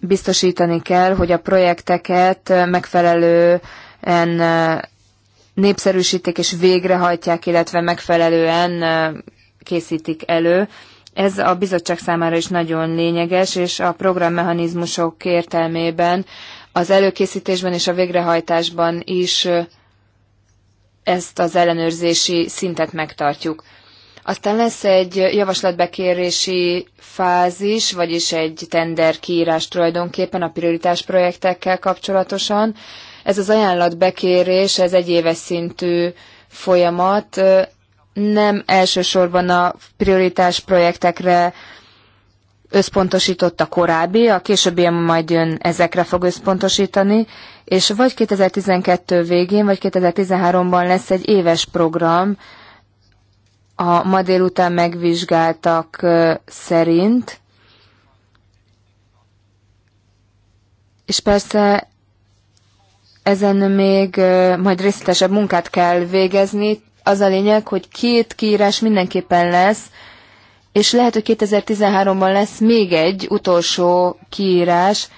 Biztosítani kell, hogy a projekteket megfelelően népszerűsítik és végrehajtják, illetve megfelelően készítik elő. Ez a bizottság számára is nagyon lényeges, és a programmechanizmusok értelmében az előkészítésben és a végrehajtásban is ezt az ellenőrzési szintet megtartjuk. Aztán lesz egy javaslatbekérési fázis, vagyis egy tender kiírás tulajdonképpen a prioritás projektekkel kapcsolatosan. Ez az ajánlatbekérés, ez egy éves szintű folyamat, nem elsősorban a prioritás projektekre összpontosított a korábbi, a későbbi majd jön ezekre fog összpontosítani, és vagy 2012 végén, vagy 2013-ban lesz egy éves program, a ma délután megvizsgáltak szerint. És persze ezen még majd részletesebb munkát kell végezni. Az a lényeg, hogy két kiírás mindenképpen lesz, és lehet, hogy 2013-ban lesz még egy utolsó kiírás,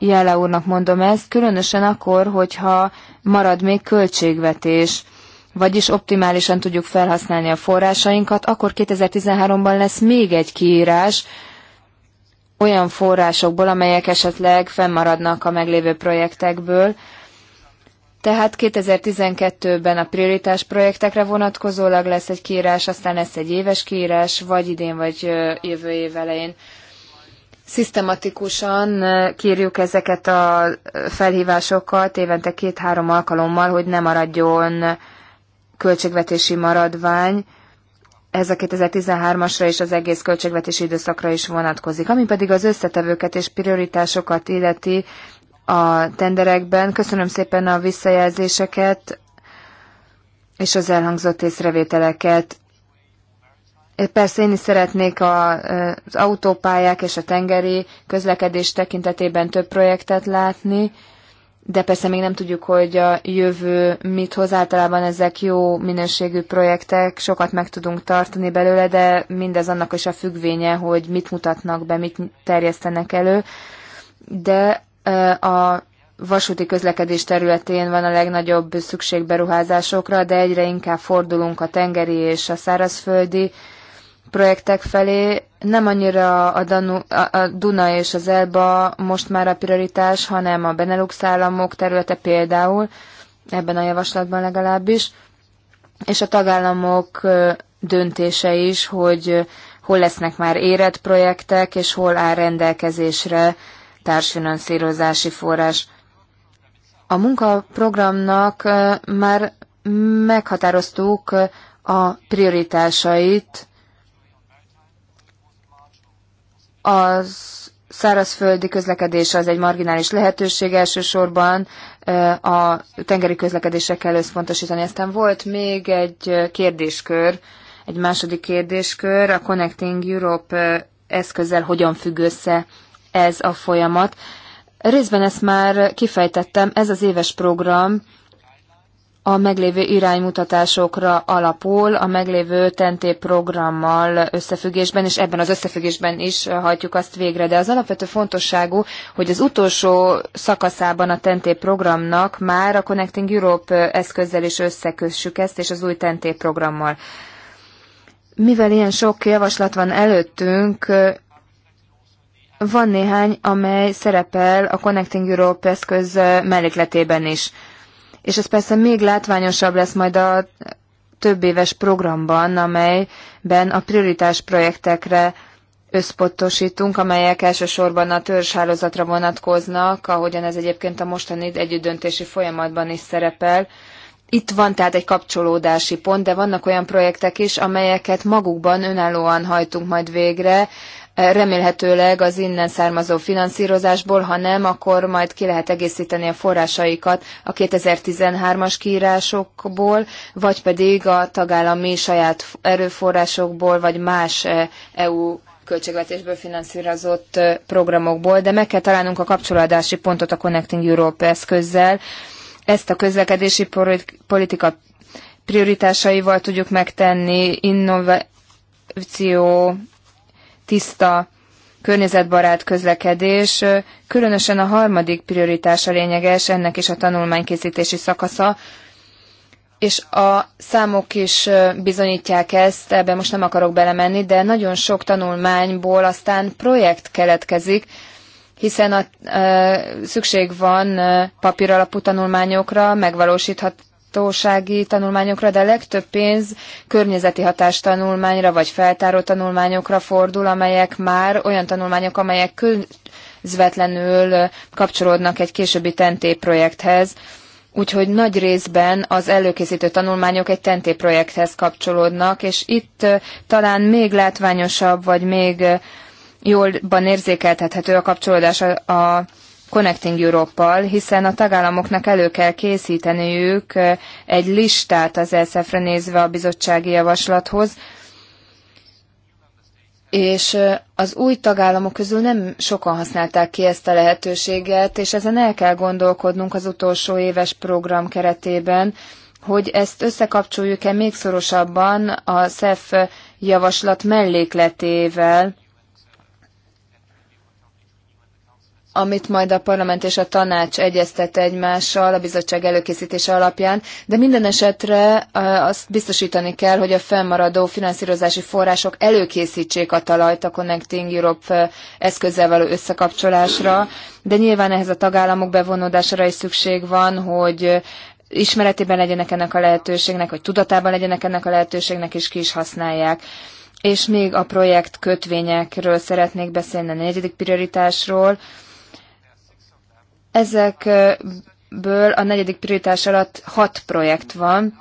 Jelle úrnak mondom ezt, különösen akkor, hogyha marad még költségvetés vagyis optimálisan tudjuk felhasználni a forrásainkat, akkor 2013-ban lesz még egy kiírás olyan forrásokból, amelyek esetleg fennmaradnak a meglévő projektekből. Tehát 2012-ben a prioritás projektekre vonatkozólag lesz egy kiírás, aztán lesz egy éves kiírás, vagy idén, vagy jövő év elején szisztematikusan kírjuk ezeket a felhívásokat évente két-három alkalommal, hogy ne maradjon költségvetési maradvány, ez a 2013-asra és az egész költségvetési időszakra is vonatkozik. Ami pedig az összetevőket és prioritásokat illeti a tenderekben, köszönöm szépen a visszajelzéseket és az elhangzott észrevételeket. Persze én is szeretnék a, az autópályák és a tengeri közlekedés tekintetében több projektet látni, de persze még nem tudjuk, hogy a jövő mit hoz. Általában ezek jó minőségű projektek, sokat meg tudunk tartani belőle, de mindez annak is a függvénye, hogy mit mutatnak be, mit terjesztenek elő. De a vasúti közlekedés területén van a legnagyobb szükség beruházásokra, de egyre inkább fordulunk a tengeri és a szárazföldi projektek felé. Nem annyira a, Danu, a Duna és az Elba most már a prioritás, hanem a Benelux államok területe például, ebben a javaslatban legalábbis, és a tagállamok döntése is, hogy hol lesznek már érett projektek, és hol áll rendelkezésre társfinanszírozási forrás. A munkaprogramnak már meghatároztuk a prioritásait, Az szárazföldi közlekedés az egy marginális lehetőség, elsősorban a tengeri közlekedésekkel összpontosítani. Aztán volt még egy kérdéskör, egy második kérdéskör, a Connecting Europe eszközzel hogyan függ össze ez a folyamat. Részben ezt már kifejtettem, ez az éves program a meglévő iránymutatásokra alapul, a meglévő TNT programmal összefüggésben, és ebben az összefüggésben is hajtjuk azt végre. De az alapvető fontosságú, hogy az utolsó szakaszában a TNT programnak már a Connecting Europe eszközzel is összekössük ezt, és az új TNT programmal. Mivel ilyen sok javaslat van előttünk, van néhány, amely szerepel a Connecting Europe eszköz mellékletében is és ez persze még látványosabb lesz majd a több éves programban, amelyben a prioritás projektekre összpontosítunk, amelyek elsősorban a törzshálózatra vonatkoznak, ahogyan ez egyébként a mostani együttdöntési folyamatban is szerepel. Itt van tehát egy kapcsolódási pont, de vannak olyan projektek is, amelyeket magukban önállóan hajtunk majd végre, remélhetőleg az innen származó finanszírozásból, ha nem, akkor majd ki lehet egészíteni a forrásaikat a 2013-as kiírásokból, vagy pedig a tagállami saját erőforrásokból, vagy más eh, EU költségvetésből finanszírozott eh, programokból, de meg kell találnunk a kapcsolódási pontot a Connecting Europe eszközzel. Ezt a közlekedési politika prioritásaival tudjuk megtenni, innováció, tiszta, környezetbarát közlekedés, különösen a harmadik prioritása lényeges, ennek is a tanulmánykészítési szakasza, és a számok is bizonyítják ezt, ebbe most nem akarok belemenni, de nagyon sok tanulmányból aztán projekt keletkezik, hiszen a, a, szükség van papíralapú tanulmányokra, megvalósíthat, fenntarthatósági tanulmányokra, de a legtöbb pénz környezeti hatástanulmányra vagy feltáró tanulmányokra fordul, amelyek már olyan tanulmányok, amelyek közvetlenül kapcsolódnak egy későbbi TNT projekthez. Úgyhogy nagy részben az előkészítő tanulmányok egy TNT projekthez kapcsolódnak, és itt talán még látványosabb, vagy még jobban érzékeltethető a kapcsolódás a, a Connecting europe hiszen a tagállamoknak elő kell készíteniük egy listát az ESF-re nézve a bizottsági javaslathoz, és az új tagállamok közül nem sokan használták ki ezt a lehetőséget, és ezen el kell gondolkodnunk az utolsó éves program keretében, hogy ezt összekapcsoljuk-e még szorosabban a SZEF javaslat mellékletével, amit majd a parlament és a tanács egyeztet egymással a bizottság előkészítése alapján, de minden esetre azt biztosítani kell, hogy a fennmaradó finanszírozási források előkészítsék a talajt a Connecting Europe eszközzel való összekapcsolásra, de nyilván ehhez a tagállamok bevonódására is szükség van, hogy ismeretében legyenek ennek a lehetőségnek, hogy tudatában legyenek ennek a lehetőségnek, és ki is használják. És még a projekt kötvényekről szeretnék beszélni, a negyedik prioritásról, Ezekből a negyedik prioritás alatt hat projekt van.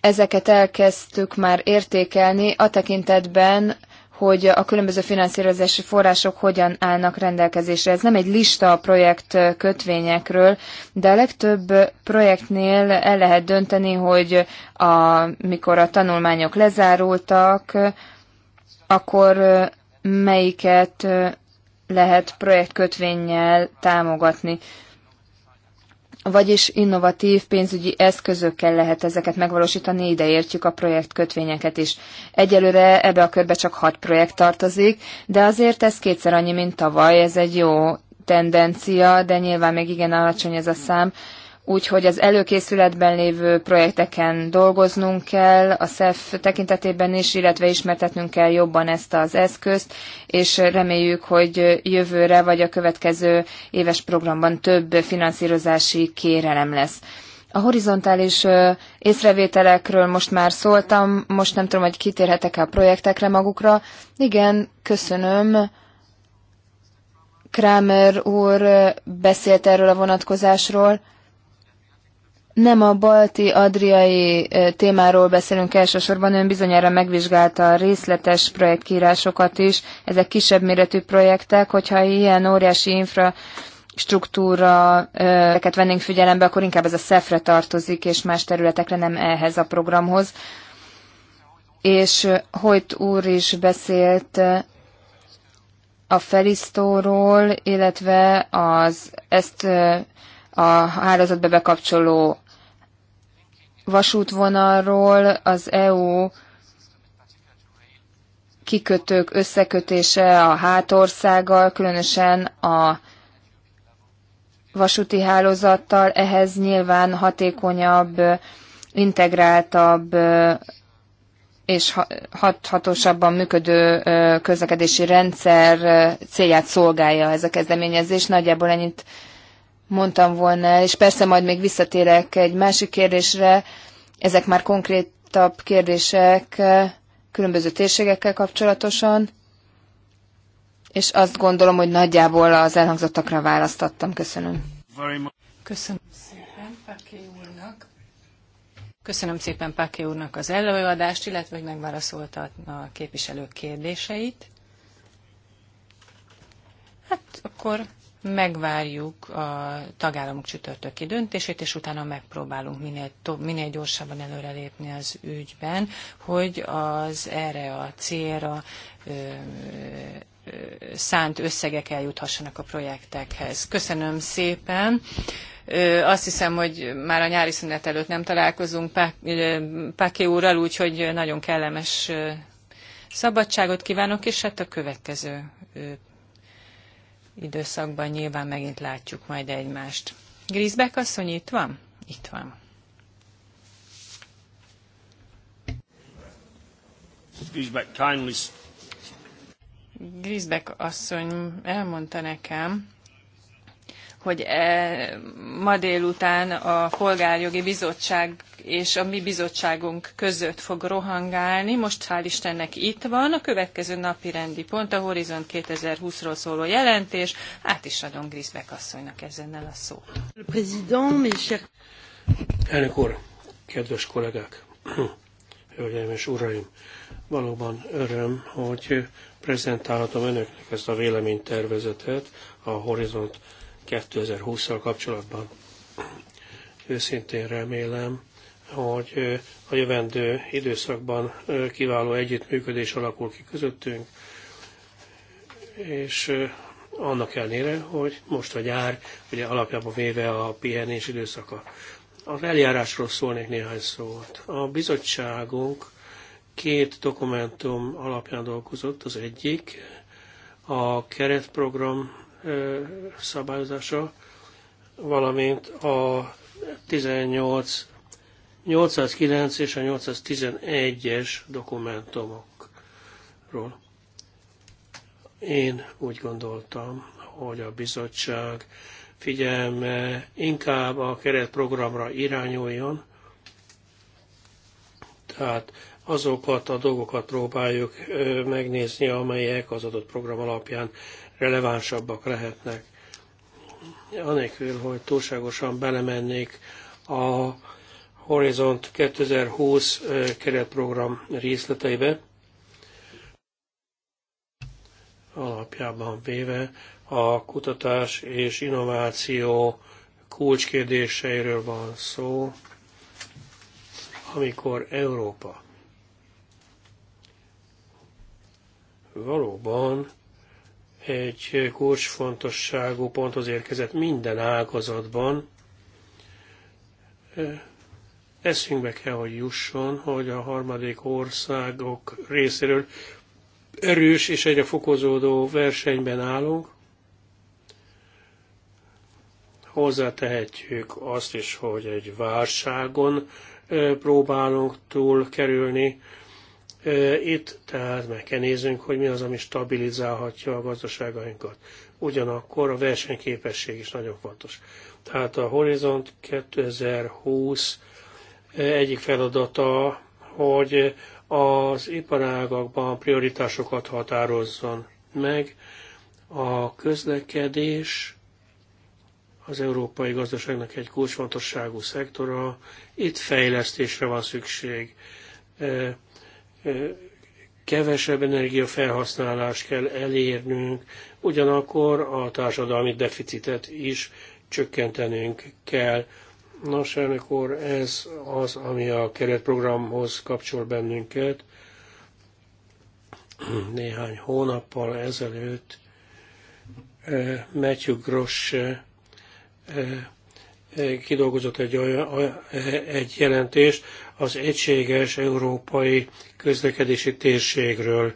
Ezeket elkezdtük már értékelni a tekintetben, hogy a különböző finanszírozási források hogyan állnak rendelkezésre. Ez nem egy lista a projekt kötvényekről, de a legtöbb projektnél el lehet dönteni, hogy amikor a tanulmányok lezárultak, akkor melyiket lehet projektkötvényel támogatni. Vagyis innovatív pénzügyi eszközökkel lehet ezeket megvalósítani, ide értjük a projektkötvényeket is. Egyelőre ebbe a körbe csak hat projekt tartozik, de azért ez kétszer annyi, mint tavaly, ez egy jó tendencia, de nyilván még igen alacsony ez a szám úgyhogy az előkészületben lévő projekteken dolgoznunk kell, a SZEF tekintetében is, illetve ismertetnünk kell jobban ezt az eszközt, és reméljük, hogy jövőre vagy a következő éves programban több finanszírozási kérelem lesz. A horizontális észrevételekről most már szóltam, most nem tudom, hogy kitérhetek-e a projektekre magukra. Igen, köszönöm. Kramer úr beszélt erről a vonatkozásról nem a balti-adriai témáról beszélünk elsősorban, ön bizonyára megvizsgálta a részletes projektkírásokat is, ezek kisebb méretű projektek, hogyha ilyen óriási infra struktúra ezeket vennénk figyelembe, akkor inkább ez a szefre tartozik, és más területekre nem ehhez a programhoz. És Hojt úr is beszélt a felisztóról, illetve az ezt a hálózatbe bekapcsoló vasútvonalról az EU kikötők összekötése a hátországgal, különösen a vasúti hálózattal, ehhez nyilván hatékonyabb, integráltabb és hathatósabban működő közlekedési rendszer célját szolgálja ez a kezdeményezés. Nagyjából ennyit mondtam volna el, és persze majd még visszatérek egy másik kérdésre, ezek már konkrétabb kérdések eh, különböző térségekkel kapcsolatosan, és azt gondolom, hogy nagyjából az elhangzottakra választattam. Köszönöm. Köszönöm szépen Páké úrnak. Köszönöm szépen Páké úrnak az előadást, illetve hogy megválaszolta a képviselők kérdéseit. Hát akkor megvárjuk a tagállamok csütörtöki döntését, és utána megpróbálunk minél, több, minél gyorsabban előrelépni az ügyben, hogy az erre a célra ö, ö, szánt összegek eljuthassanak a projektekhez. Köszönöm szépen! Azt hiszem, hogy már a nyári szünet előtt nem találkozunk Páké úrral, úgyhogy nagyon kellemes szabadságot kívánok, és hát a következő időszakban nyilván megint látjuk majd egymást. Grisbeck asszony itt van? Itt van. Grisbeck Grisbeck asszony elmondta nekem, hogy e, ma délután a Polgárjogi Bizottság és a mi bizottságunk között fog rohangálni. Most hál' Istennek itt van. A következő napi rendi pont a Horizont 2020-ról szóló jelentés. Át is adom Griszbek asszonynak ezennel a szót. Elnök úr, kedves kollégák, hölgyeim és uraim, valóban öröm, hogy prezentálhatom önöknek ezt a véleménytervezetet a Horizont 2020-szal kapcsolatban. Őszintén remélem, hogy a jövendő időszakban kiváló együttműködés alakul ki közöttünk, és annak ellenére, hogy most a gyár ugye alapjában véve a pihenés időszaka. Az eljárásról szólnék néhány szót. A bizottságunk két dokumentum alapján dolgozott, az egyik a keretprogram szabályozása, valamint a 18 809 és a 811-es dokumentumokról. Én úgy gondoltam, hogy a bizottság figyelme inkább a keretprogramra irányuljon, tehát azokat a dolgokat próbáljuk megnézni, amelyek az adott program alapján relevánsabbak lehetnek. Anélkül, hogy túlságosan belemennék a Horizont 2020 keretprogram részleteibe, alapjában véve a kutatás és innováció kulcskérdéseiről van szó, amikor Európa valóban egy kulcsfontosságú ponthoz érkezett minden ágazatban. Eszünkbe kell, hogy jusson, hogy a harmadik országok részéről erős és egyre fokozódó versenyben állunk. Hozzátehetjük azt is, hogy egy válságon próbálunk túl kerülni, itt tehát meg kell néznünk, hogy mi az, ami stabilizálhatja a gazdaságainkat. Ugyanakkor a versenyképesség is nagyon fontos. Tehát a Horizont 2020 egyik feladata, hogy az iparágakban prioritásokat határozzon meg. A közlekedés az európai gazdaságnak egy kulcsfontosságú szektora, itt fejlesztésre van szükség kevesebb energiafelhasználást kell elérnünk, ugyanakkor a társadalmi deficitet is csökkentenünk kell. Nos, elnök úr, ez az, ami a keretprogramhoz kapcsol bennünket. Néhány hónappal ezelőtt Matthew Grosse kidolgozott egy, olyan, egy jelentést, az egységes európai közlekedési térségről.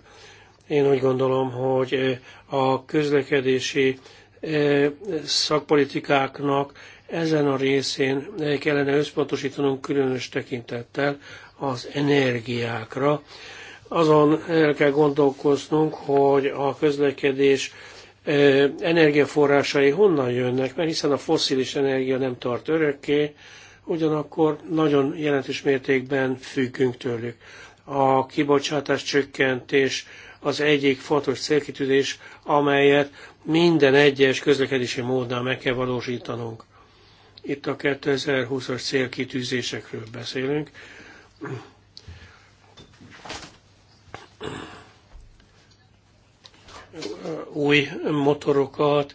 Én úgy gondolom, hogy eh, a közlekedési eh, szakpolitikáknak ezen a részén eh, kellene összpontosítanunk különös tekintettel az energiákra. Azon el kell gondolkoznunk, hogy a közlekedés energiaforrásai honnan jönnek, mert hiszen a foszilis energia nem tart örökké, ugyanakkor nagyon jelentős mértékben függünk tőlük. A kibocsátás csökkentés az egyik fontos célkitűzés, amelyet minden egyes közlekedési módnál meg kell valósítanunk. Itt a 2020-as célkitűzésekről beszélünk. Új motorokat,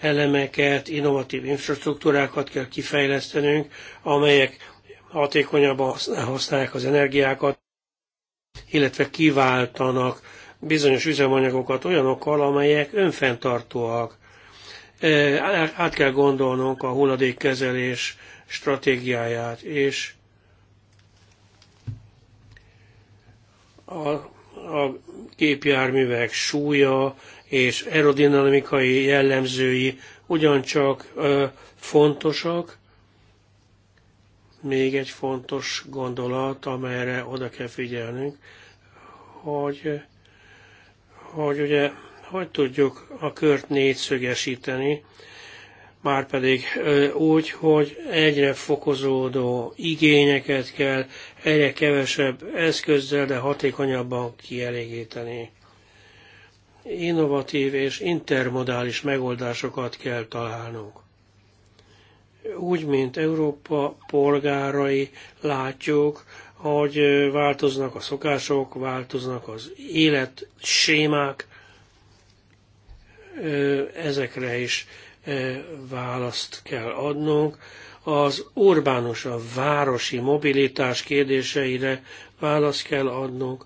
elemeket, innovatív infrastruktúrákat kell kifejlesztenünk, amelyek hatékonyabban használják az energiákat, illetve kiváltanak bizonyos üzemanyagokat olyanokkal, amelyek önfenntartóak. Át kell gondolnunk a hulladékkezelés stratégiáját, és a, a gépjárművek súlya, és aerodinamikai jellemzői ugyancsak fontosak. Még egy fontos gondolat, amelyre oda kell figyelnünk, hogy, hogy ugye hogy tudjuk a kört négyszögesíteni, márpedig úgy, hogy egyre fokozódó igényeket kell egyre kevesebb eszközzel, de hatékonyabban kielégíteni innovatív és intermodális megoldásokat kell találnunk. Úgy, mint Európa polgárai látjuk, hogy változnak a szokások, változnak az életsémák, ezekre is e, választ kell adnunk. Az urbánus, a városi mobilitás kérdéseire választ kell adnunk.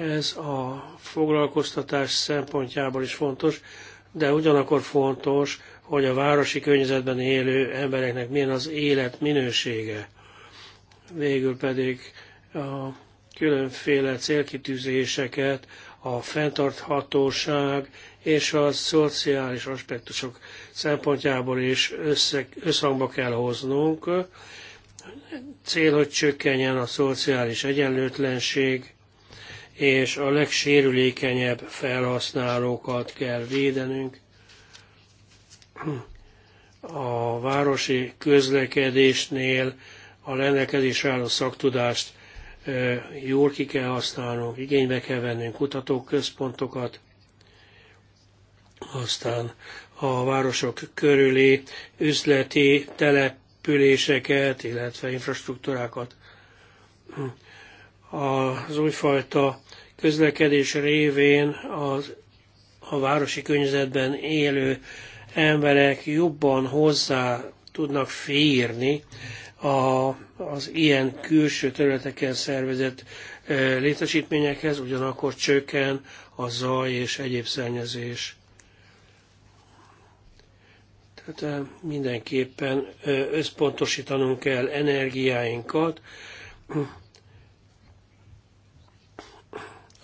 Ez a foglalkoztatás szempontjából is fontos, de ugyanakkor fontos, hogy a városi környezetben élő embereknek milyen az élet minősége. Végül pedig a különféle célkitűzéseket, a fenntarthatóság és a szociális aspektusok szempontjából is össze, összhangba kell hoznunk. Cél, hogy csökkenjen a szociális egyenlőtlenség, és a legsérülékenyebb felhasználókat kell védenünk. A városi közlekedésnél a rendelkezés álló szaktudást jól ki kell használnunk, igénybe kell vennünk kutatóközpontokat, aztán a városok körüli üzleti településeket, illetve infrastruktúrákat. Az újfajta közlekedés révén az, a városi környezetben élő emberek jobban hozzá tudnak férni a, az ilyen külső területeken szervezett létesítményekhez, ugyanakkor csökken a zaj és egyéb szennyezés. Tehát mindenképpen összpontosítanunk kell energiáinkat,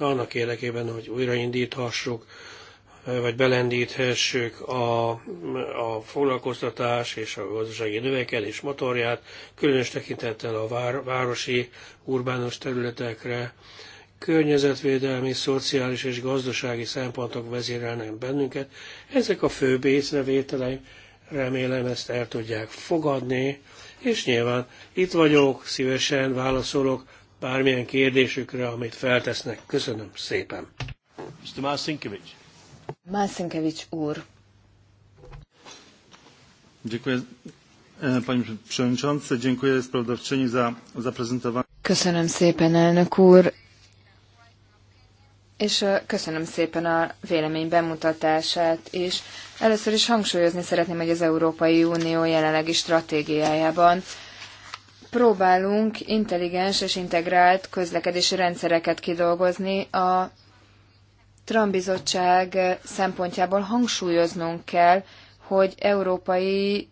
annak érdekében, hogy újraindíthassuk, vagy belendíthessük a, a foglalkoztatás és a gazdasági növekedés motorját, különös tekintettel a vár, városi, urbános területekre, környezetvédelmi, szociális és gazdasági szempontok vezérelnek bennünket. Ezek a fő észrevételeim, remélem ezt el tudják fogadni, és nyilván itt vagyok, szívesen válaszolok bármilyen kérdésükre, amit feltesznek. Köszönöm szépen. Mr. Marcinkiewicz. Marcinkiewicz úr. E, köszönöm szépen, elnök úr, és e, köszönöm szépen a vélemény bemutatását is. Először is hangsúlyozni szeretném, hogy az Európai Unió jelenlegi stratégiájában próbálunk intelligens és integrált közlekedési rendszereket kidolgozni. A Trambizottság szempontjából hangsúlyoznunk kell, hogy európai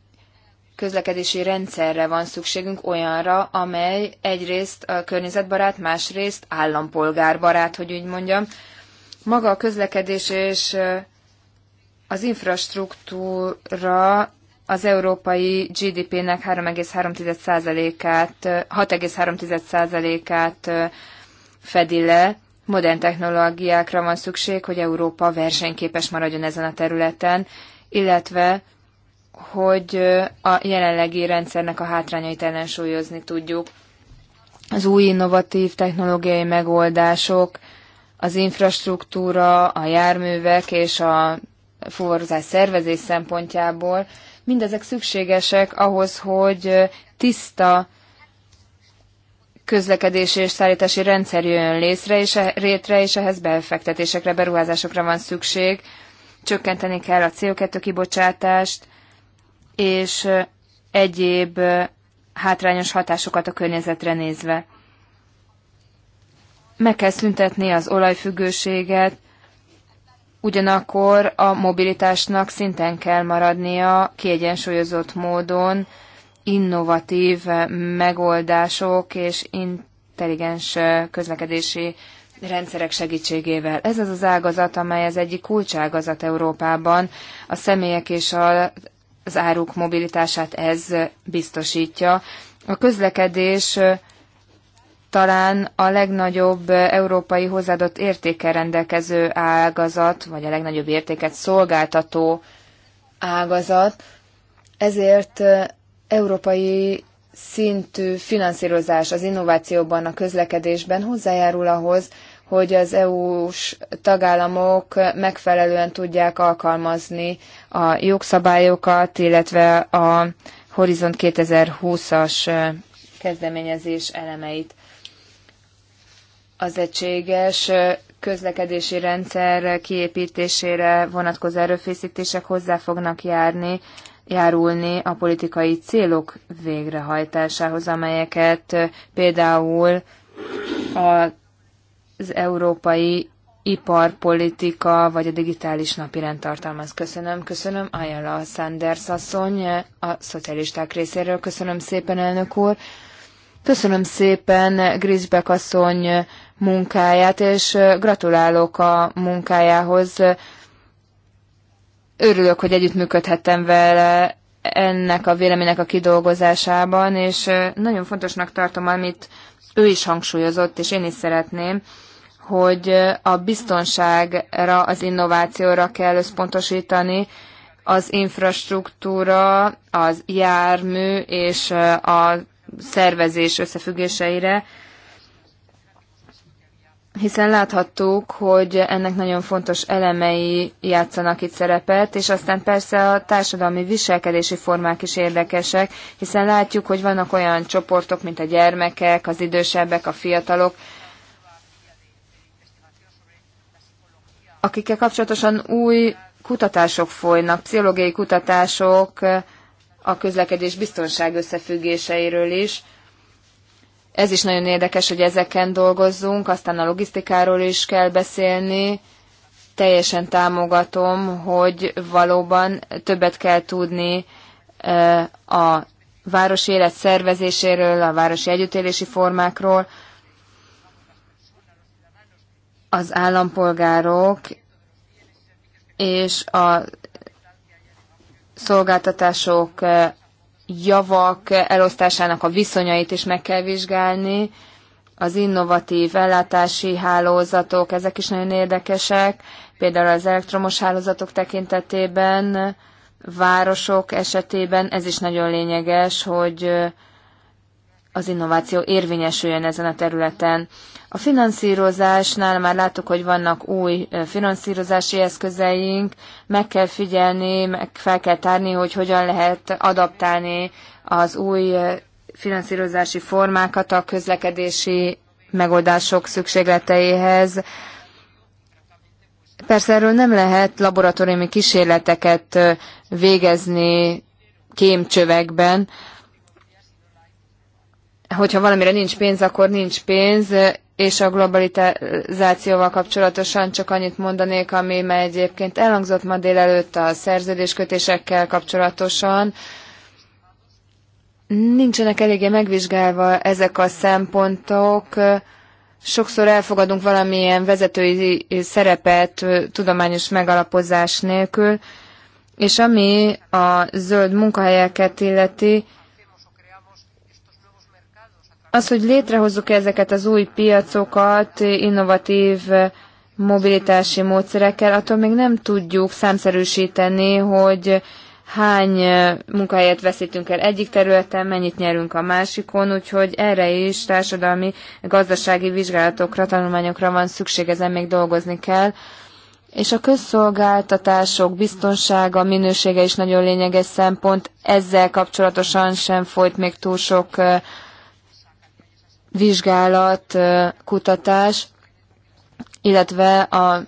közlekedési rendszerre van szükségünk olyanra, amely egyrészt a környezetbarát, másrészt állampolgárbarát, hogy úgy mondjam. Maga a közlekedés és az infrastruktúra az európai GDP-nek 3,3%-át, 6,3%-át fedi le. Modern technológiákra van szükség, hogy Európa versenyképes maradjon ezen a területen, illetve hogy a jelenlegi rendszernek a hátrányait ellensúlyozni tudjuk. Az új innovatív technológiai megoldások, az infrastruktúra, a járművek és a fuvarozás szervezés szempontjából Mindezek szükségesek ahhoz, hogy tiszta közlekedési és szállítási rendszer jön létre, és, rétre, e- és ehhez befektetésekre, beruházásokra van szükség. Csökkenteni kell a CO2 kibocsátást, és egyéb hátrányos hatásokat a környezetre nézve. Meg kell szüntetni az olajfüggőséget, ugyanakkor a mobilitásnak szinten kell maradnia kiegyensúlyozott módon innovatív megoldások és intelligens közlekedési rendszerek segítségével. Ez az az ágazat, amely az egyik kulcságazat Európában. A személyek és a, az áruk mobilitását ez biztosítja. A közlekedés talán a legnagyobb európai hozzáadott értékkel rendelkező ágazat, vagy a legnagyobb értéket szolgáltató ágazat. Ezért európai szintű finanszírozás az innovációban, a közlekedésben hozzájárul ahhoz, hogy az EU-s tagállamok megfelelően tudják alkalmazni a jogszabályokat, illetve a Horizont 2020-as kezdeményezés elemeit az egységes közlekedési rendszer kiépítésére vonatkozó erőfészítések hozzá fognak járni, járulni a politikai célok végrehajtásához, amelyeket például az európai iparpolitika vagy a digitális napirend tartalmaz. Köszönöm, köszönöm. Ajala Sanders asszony a szocialisták részéről. Köszönöm szépen, elnök úr. Köszönöm szépen Grisbeck asszony munkáját, és gratulálok a munkájához. Örülök, hogy együttműködhettem vele ennek a véleménynek a kidolgozásában, és nagyon fontosnak tartom, amit ő is hangsúlyozott, és én is szeretném, hogy a biztonságra, az innovációra kell összpontosítani, az infrastruktúra, az jármű és a szervezés összefüggéseire, hiszen láthattuk, hogy ennek nagyon fontos elemei játszanak itt szerepet, és aztán persze a társadalmi viselkedési formák is érdekesek, hiszen látjuk, hogy vannak olyan csoportok, mint a gyermekek, az idősebbek, a fiatalok, akikkel kapcsolatosan új kutatások folynak, pszichológiai kutatások a közlekedés biztonság összefüggéseiről is, ez is nagyon érdekes, hogy ezeken dolgozzunk, aztán a logisztikáról is kell beszélni. Teljesen támogatom, hogy valóban többet kell tudni a városi élet szervezéséről, a városi együttélési formákról. Az állampolgárok és a szolgáltatások javak elosztásának a viszonyait is meg kell vizsgálni, az innovatív ellátási hálózatok, ezek is nagyon érdekesek, például az elektromos hálózatok tekintetében, városok esetében, ez is nagyon lényeges, hogy az innováció érvényesüljön ezen a területen. A finanszírozásnál már láttuk, hogy vannak új finanszírozási eszközeink, meg kell figyelni, meg fel kell tárni, hogy hogyan lehet adaptálni az új finanszírozási formákat a közlekedési megoldások szükségleteihez. Persze erről nem lehet laboratóriumi kísérleteket végezni kémcsövekben, hogyha valamire nincs pénz, akkor nincs pénz, és a globalizációval kapcsolatosan csak annyit mondanék, ami már egyébként elhangzott ma délelőtt a szerződéskötésekkel kapcsolatosan. Nincsenek eléggé megvizsgálva ezek a szempontok. Sokszor elfogadunk valamilyen vezetői szerepet tudományos megalapozás nélkül, és ami a zöld munkahelyeket illeti, az, hogy létrehozzuk ezeket az új piacokat innovatív eh, mobilitási módszerekkel, attól még nem tudjuk számszerűsíteni, hogy hány eh, munkahelyet veszítünk el egyik területen, mennyit nyerünk a másikon, úgyhogy erre is társadalmi, gazdasági vizsgálatokra, tanulmányokra van szükség, ezen még dolgozni kell. És a közszolgáltatások biztonsága, minősége is nagyon lényeges szempont, ezzel kapcsolatosan sem folyt még túl sok eh, vizsgálat, kutatás, illetve a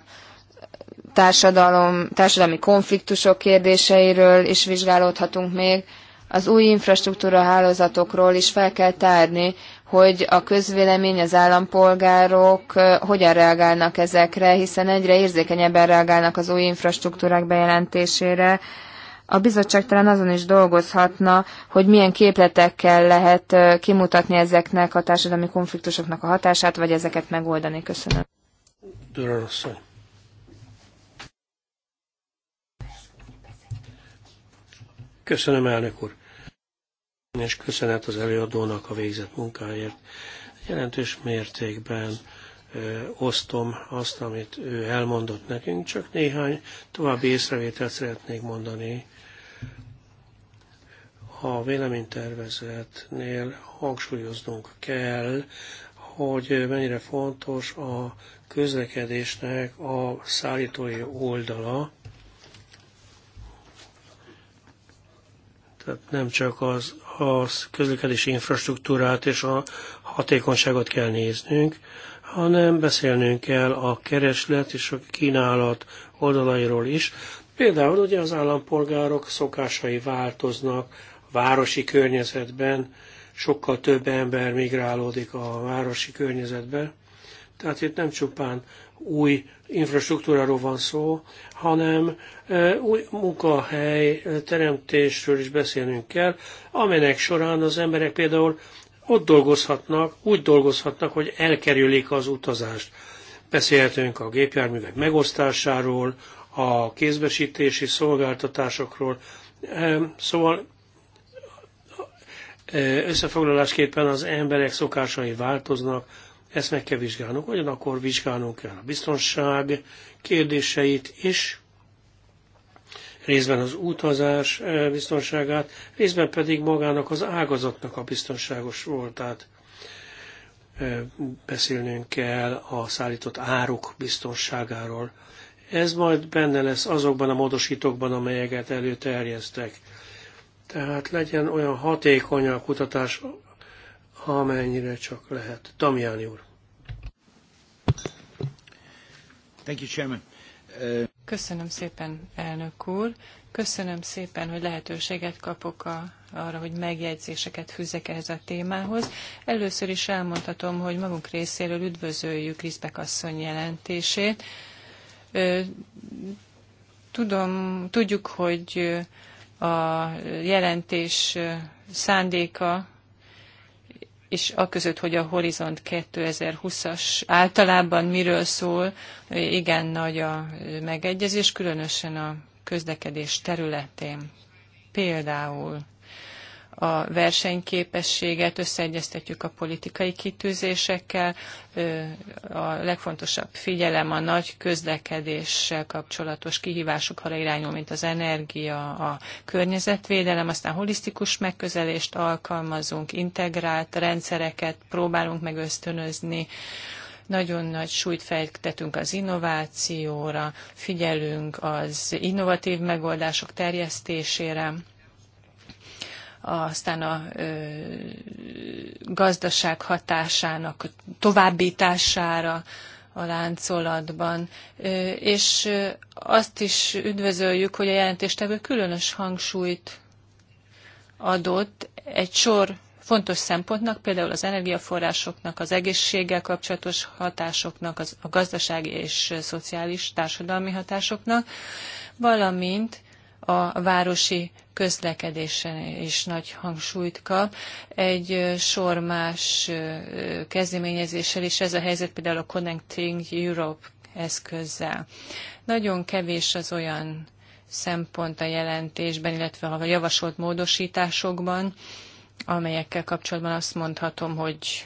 társadalom, társadalmi konfliktusok kérdéseiről is vizsgálódhatunk még. Az új infrastruktúra hálózatokról is fel kell tárni, hogy a közvélemény, az állampolgárok hogyan reagálnak ezekre, hiszen egyre érzékenyebben reagálnak az új infrastruktúrák bejelentésére, a bizottság talán azon is dolgozhatna, hogy milyen képletekkel lehet kimutatni ezeknek a társadalmi konfliktusoknak a hatását, vagy ezeket megoldani. Köszönöm. Köszönöm, elnök úr. És köszönet az előadónak a végzett munkáért. Jelentős mértékben osztom azt, amit ő elmondott nekünk, csak néhány további észrevételt szeretnék mondani a véleménytervezetnél hangsúlyoznunk kell, hogy mennyire fontos a közlekedésnek a szállítói oldala, tehát nem csak az, a közlekedési infrastruktúrát és a hatékonyságot kell néznünk, hanem beszélnünk kell a kereslet és a kínálat oldalairól is. Például ugye az állampolgárok szokásai változnak, városi környezetben sokkal több ember migrálódik a városi környezetbe. Tehát itt nem csupán új infrastruktúráról van szó, hanem új munkahely teremtésről is beszélnünk kell, amelynek során az emberek például ott dolgozhatnak, úgy dolgozhatnak, hogy elkerülik az utazást. Beszélhetünk a gépjárművek megosztásáról, a kézbesítési szolgáltatásokról, szóval Összefoglalásképpen az emberek szokásai változnak, ezt meg kell vizsgálnunk, ugyanakkor vizsgálnunk kell a biztonság kérdéseit is, részben az utazás biztonságát, részben pedig magának az ágazatnak a biztonságos voltát beszélnünk kell a szállított áruk biztonságáról. Ez majd benne lesz azokban a módosítókban, amelyeket előterjesztek. Tehát legyen olyan hatékony a kutatás, amennyire csak lehet. Damián úr. Thank you, Chairman. Köszönöm szépen, elnök úr. Köszönöm szépen, hogy lehetőséget kapok a, arra, hogy megjegyzéseket fűzek ehhez a témához. Először is elmondhatom, hogy magunk részéről üdvözöljük Rizbek asszony jelentését. Tudom, tudjuk, hogy a jelentés szándéka és aközött, hogy a Horizont 2020-as általában miről szól, igen nagy a megegyezés, különösen a közlekedés területén. Például a versenyképességet összeegyeztetjük a politikai kitűzésekkel. A legfontosabb figyelem a nagy közlekedéssel kapcsolatos kihívásokra irányul, mint az energia, a környezetvédelem, aztán holisztikus megközelést alkalmazunk, integrált rendszereket próbálunk meg ösztönözni, nagyon nagy súlyt fektetünk az innovációra, figyelünk az innovatív megoldások terjesztésére aztán a gazdaság hatásának továbbítására a láncolatban. És azt is üdvözöljük, hogy a jelentéstevő különös hangsúlyt adott egy sor fontos szempontnak, például az energiaforrásoknak, az egészséggel kapcsolatos hatásoknak, az, a gazdasági és szociális társadalmi hatásoknak, valamint a városi közlekedésen is nagy hangsúlyt kap. Egy sor más kezdeményezéssel is ez a helyzet, például a Connecting Europe eszközzel. Nagyon kevés az olyan szempont a jelentésben, illetve a javasolt módosításokban, amelyekkel kapcsolatban azt mondhatom, hogy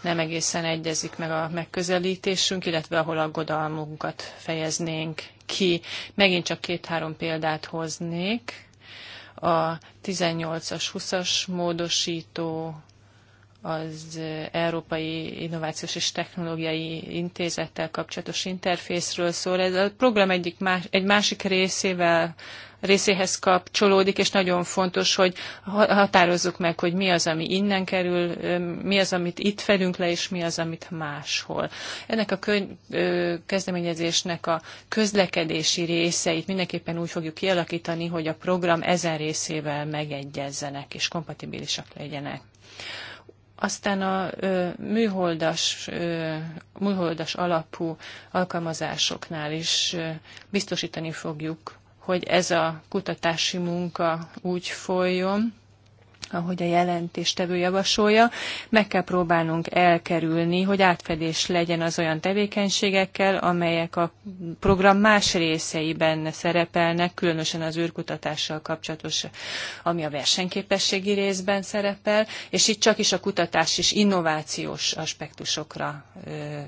nem egészen egyezik meg a megközelítésünk, illetve ahol aggodalmunkat fejeznénk ki. Megint csak két-három példát hoznék. A 18-as, 20-as módosító az Európai Innovációs és Technológiai Intézettel kapcsolatos interfészről szól. Ez a program egyik más, egy másik részével részéhez kapcsolódik, és nagyon fontos, hogy határozzuk meg, hogy mi az, ami innen kerül, mi az, amit itt fedünk le, és mi az, amit máshol. Ennek a kö- kezdeményezésnek a közlekedési részeit mindenképpen úgy fogjuk kialakítani, hogy a program ezen részével megegyezzenek és kompatibilisak legyenek. Aztán a ö, műholdas, ö, műholdas alapú alkalmazásoknál is ö, biztosítani fogjuk hogy ez a kutatási munka úgy folyjon, ahogy a jelentéstevő javasolja, meg kell próbálnunk elkerülni, hogy átfedés legyen az olyan tevékenységekkel, amelyek a program más részeiben szerepelnek, különösen az űrkutatással kapcsolatos, ami a versenyképességi részben szerepel, és itt csak is a kutatás és innovációs aspektusokra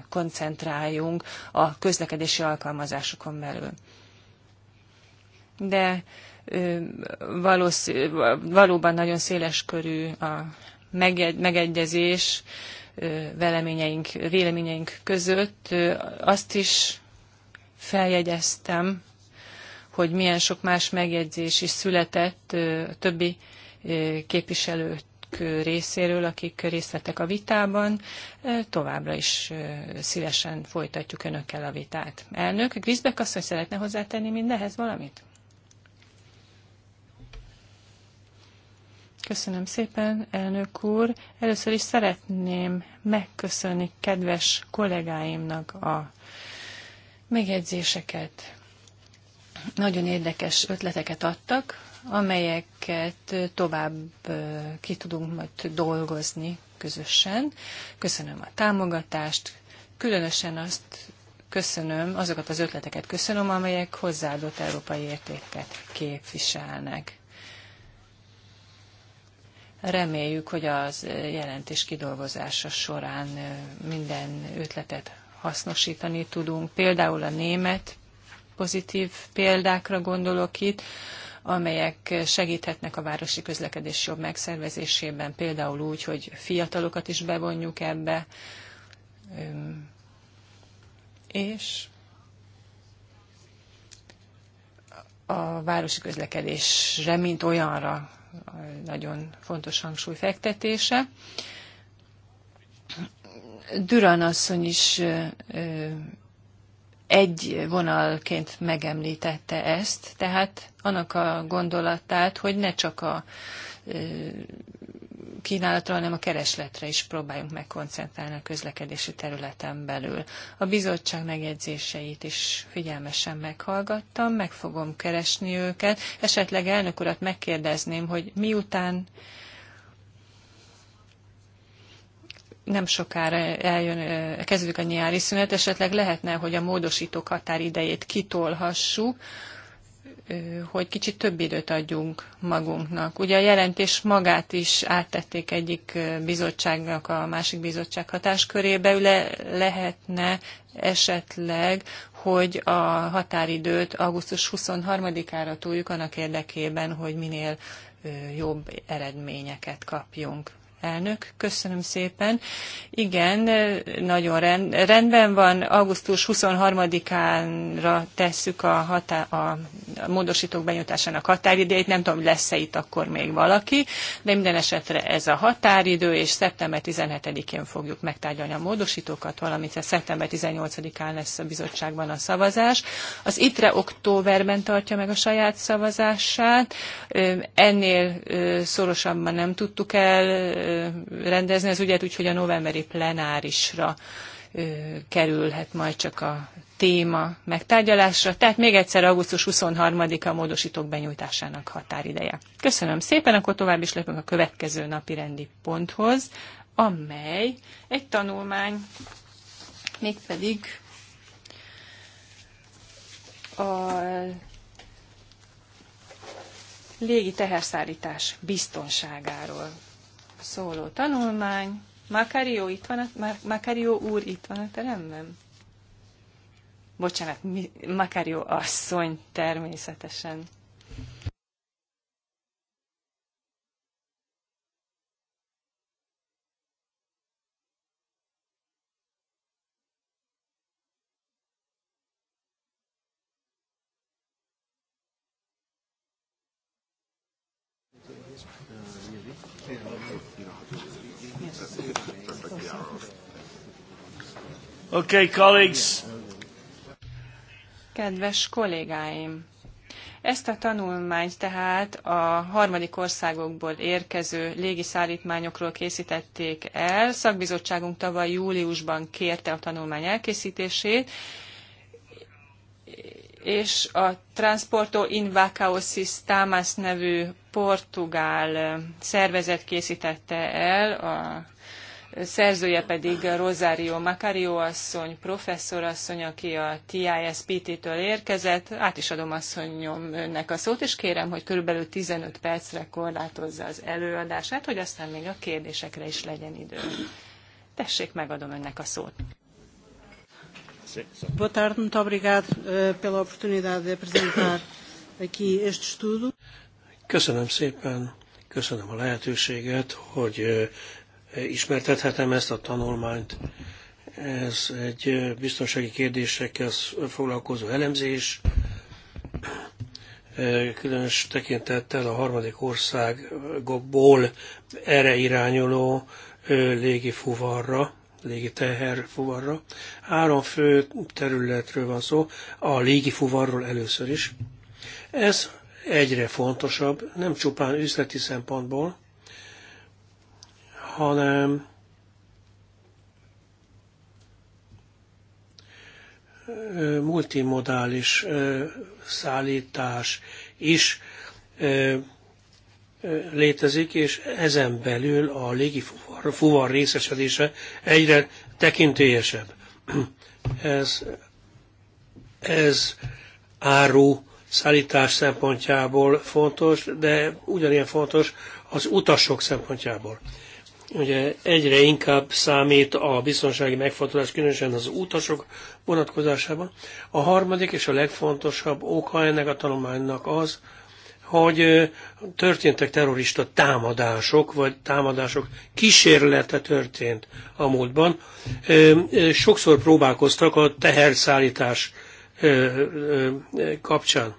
koncentráljunk a közlekedési alkalmazásokon belül de valószín, valóban nagyon széles körű a megegyezés véleményeink, véleményeink között. Azt is feljegyeztem, hogy milyen sok más megjegyzés is született a többi képviselők részéről, akik részt vettek a vitában. Továbbra is szívesen folytatjuk önökkel a vitát. Elnök, Griszbek hogy szeretne hozzátenni mindehez valamit? Köszönöm szépen, elnök úr. Először is szeretném megköszönni kedves kollégáimnak a megjegyzéseket. Nagyon érdekes ötleteket adtak, amelyeket tovább ki tudunk majd dolgozni közösen. Köszönöm a támogatást, különösen azt köszönöm, azokat az ötleteket köszönöm, amelyek hozzáadott európai értéket képviselnek. Reméljük, hogy az jelentés kidolgozása során minden ötletet hasznosítani tudunk. Például a német pozitív példákra gondolok itt, amelyek segíthetnek a városi közlekedés jobb megszervezésében, például úgy, hogy fiatalokat is bevonjuk ebbe, és a városi közlekedésre, mint olyanra nagyon fontos hangsúly fektetése. Duran asszony is egy vonalként megemlítette ezt, tehát annak a gondolatát, hogy ne csak a kínálatra, hanem a keresletre is próbáljunk megkoncentrálni a közlekedési területen belül. A bizottság megjegyzéseit is figyelmesen meghallgattam, meg fogom keresni őket. Esetleg elnök urat megkérdezném, hogy miután nem sokára eljön, kezdődik a nyári szünet, esetleg lehetne, hogy a módosítók határidejét kitolhassuk, hogy kicsit több időt adjunk magunknak. Ugye a jelentés magát is áttették egyik bizottságnak a másik bizottság hatáskörébe, le, lehetne esetleg, hogy a határidőt augusztus 23-ára túljuk annak érdekében, hogy minél jobb eredményeket kapjunk. Elnök, köszönöm szépen. Igen, nagyon rend, rendben van. Augusztus 23-ánra tesszük a, hatá, a módosítók benyújtásának határidejét. Nem tudom, lesz-e itt akkor még valaki, de minden esetre ez a határidő, és szeptember 17-én fogjuk megtárgyalni a módosítókat, valamint szeptember 18-án lesz a bizottságban a szavazás. Az ITRE októberben tartja meg a saját szavazását. Ennél szorosabban nem tudtuk el rendezni az ügyet, úgyhogy a novemberi plenárisra kerülhet majd csak a téma megtárgyalásra. Tehát még egyszer augusztus 23-a módosítók benyújtásának határideje. Köszönöm szépen, akkor tovább is lépünk a következő napi rendi ponthoz, amely egy tanulmány, mégpedig a légi teherszállítás biztonságáról szóló tanulmány. Makario, itt van a, Makario úr itt van a teremben? Bocsánat, Makario asszony természetesen. Okay, colleagues. Kedves kollégáim! Ezt a tanulmányt tehát a harmadik országokból érkező légiszállítmányokról készítették el. Szakbizottságunk tavaly júliusban kérte a tanulmány elkészítését, és a Transporto Invacaosis Tamas nevű portugál szervezet készítette el a szerzője pedig Rosario Macario asszony, professzor asszony, aki a TISPT-től érkezett. Át is adom asszonyom önnek a szót, és kérem, hogy körülbelül 15 percre korlátozza az előadását, hogy aztán még a kérdésekre is legyen idő. Tessék, megadom önnek a szót. Boa tarde, muito obrigado eh, pela oportunidade de apresentar aqui este estudo. Köszönöm szépen, köszönöm a lehetőséget, hogy eh, ismertethetem ezt a tanulmányt. Ez egy biztonsági kérdésekkel foglalkozó elemzés, különös tekintettel a harmadik országokból erre irányuló légi fuvarra, légi fuvarra. Három fő területről van szó, a légi fuvarról először is. Ez egyre fontosabb, nem csupán üzleti szempontból, hanem multimodális szállítás is létezik, és ezen belül a fuvar, fuvar részesedése egyre tekintélyesebb. Ez, ez áru szállítás szempontjából fontos, de ugyanilyen fontos az utasok szempontjából ugye egyre inkább számít a biztonsági megfontolás, különösen az utasok vonatkozásában. A harmadik és a legfontosabb oka ennek a tanulmánynak az, hogy történtek terrorista támadások, vagy támadások kísérlete történt a múltban. Sokszor próbálkoztak a teherszállítás kapcsán.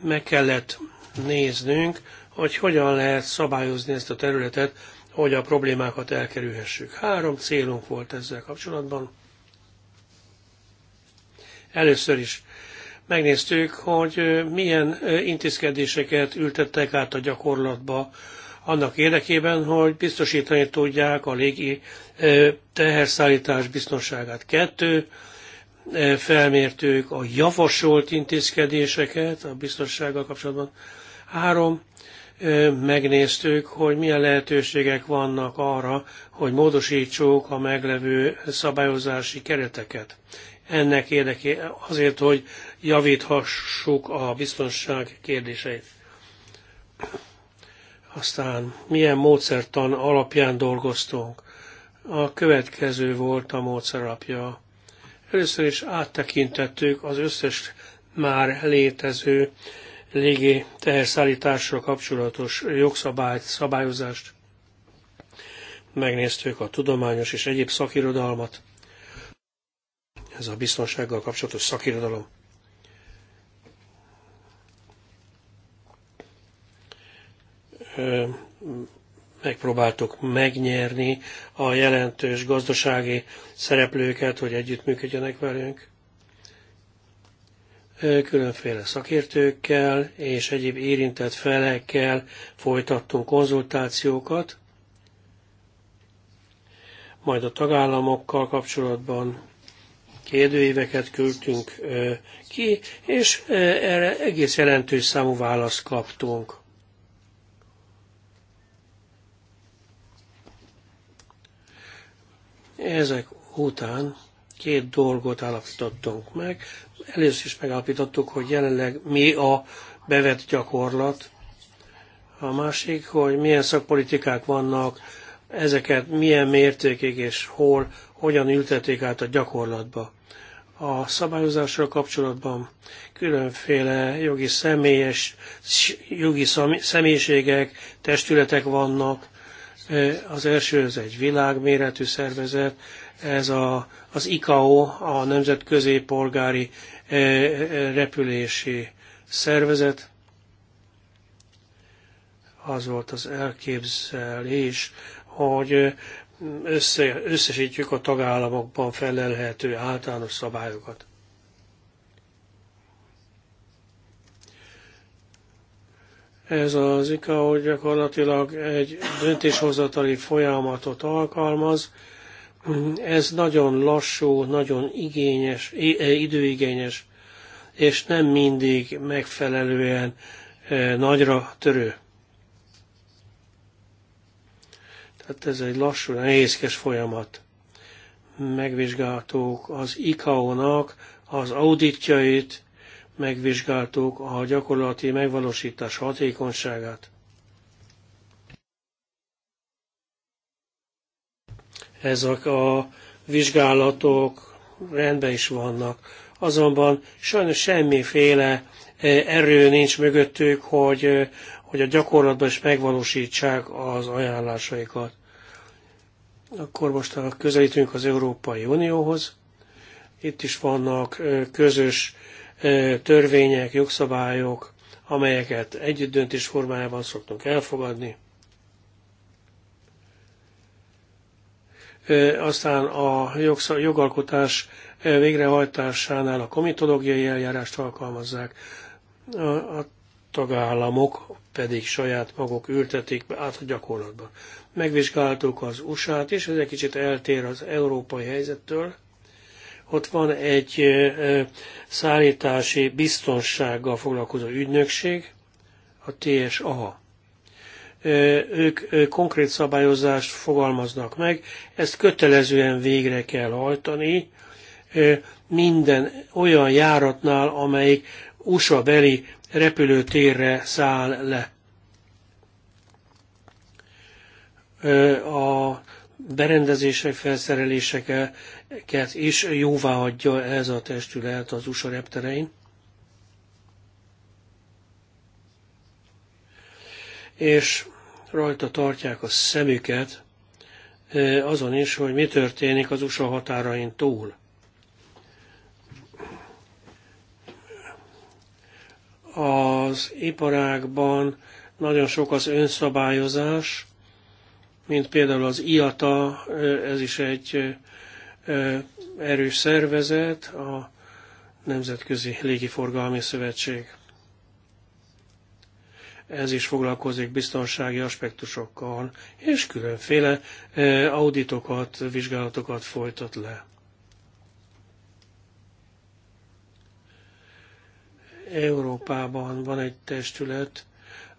Meg kellett néznünk, hogy hogyan lehet szabályozni ezt a területet, hogy a problémákat elkerülhessük. Három célunk volt ezzel kapcsolatban. Először is megnéztük, hogy milyen intézkedéseket ültettek át a gyakorlatba annak érdekében, hogy biztosítani tudják a légi teherszállítás biztonságát. Kettő, felmértük a javasolt intézkedéseket a biztonsággal kapcsolatban. Három, megnéztük, hogy milyen lehetőségek vannak arra, hogy módosítsuk a meglevő szabályozási kereteket. Ennek érdeké azért, hogy javíthassuk a biztonság kérdéseit. Aztán milyen módszertan alapján dolgoztunk. A következő volt a módszer alapja. Először is áttekintettük az összes már létező légi teherszállításra kapcsolatos jogszabályt, szabályozást. Megnéztük a tudományos és egyéb szakirodalmat. Ez a biztonsággal kapcsolatos szakirodalom. megpróbáltuk megnyerni a jelentős gazdasági szereplőket, hogy együttműködjenek velünk különféle szakértőkkel és egyéb érintett felekkel folytattunk konzultációkat, majd a tagállamokkal kapcsolatban kérdőíveket küldtünk ki, és erre egész jelentős számú választ kaptunk. Ezek után Két dolgot állapítottunk meg. Először is megállapítottuk, hogy jelenleg mi a bevett gyakorlat. A másik, hogy milyen szakpolitikák vannak, ezeket milyen mértékig és hol, hogyan ültették át a gyakorlatba. A szabályozásra kapcsolatban különféle jogi személyes, jogi személyiségek, testületek vannak, Eh, az első, ez egy világméretű szervezet, ez a, az ICAO, a Nemzetközi Polgári eh, eh, Repülési Szervezet. Az volt az elképzelés, hogy össze, összesítjük a tagállamokban felelhető általános szabályokat. Ez az ICAO gyakorlatilag egy döntéshozatali folyamatot alkalmaz. Ez nagyon lassú, nagyon igényes, eh, időigényes, és nem mindig megfelelően eh, nagyra törő. Tehát ez egy lassú, nehézkes folyamat. Megvizsgáltuk az ICAO-nak az auditjait, megvizsgáltuk a gyakorlati megvalósítás hatékonyságát. Ezek a vizsgálatok rendben is vannak, azonban sajnos semmiféle eh, erő nincs mögöttük, hogy, eh, hogy a gyakorlatban is megvalósítsák az ajánlásaikat. Akkor most közelítünk az Európai Unióhoz. Itt is vannak eh, közös törvények, jogszabályok, amelyeket együttdöntés formájában szoktunk elfogadni. Aztán a jogalkotás végrehajtásánál a komitológiai eljárást alkalmazzák, a tagállamok pedig saját maguk ültetik be át a gyakorlatban. Megvizsgáltuk az USA-t, és ez egy kicsit eltér az európai helyzettől, ott van egy szállítási biztonsággal foglalkozó ügynökség, a TSA. Ők konkrét szabályozást fogalmaznak meg, ezt kötelezően végre kell hajtani minden olyan járatnál, amelyik USA beli repülőtérre száll le. A berendezések, felszereléseket is jóvá adja ez a testület az USA repterein. És rajta tartják a szemüket azon is, hogy mi történik az USA határain túl. Az iparágban nagyon sok az önszabályozás, mint például az IATA, ez is egy erős szervezet, a Nemzetközi Légiforgalmi Szövetség. Ez is foglalkozik biztonsági aspektusokkal, és különféle auditokat, vizsgálatokat folytat le. Európában van egy testület,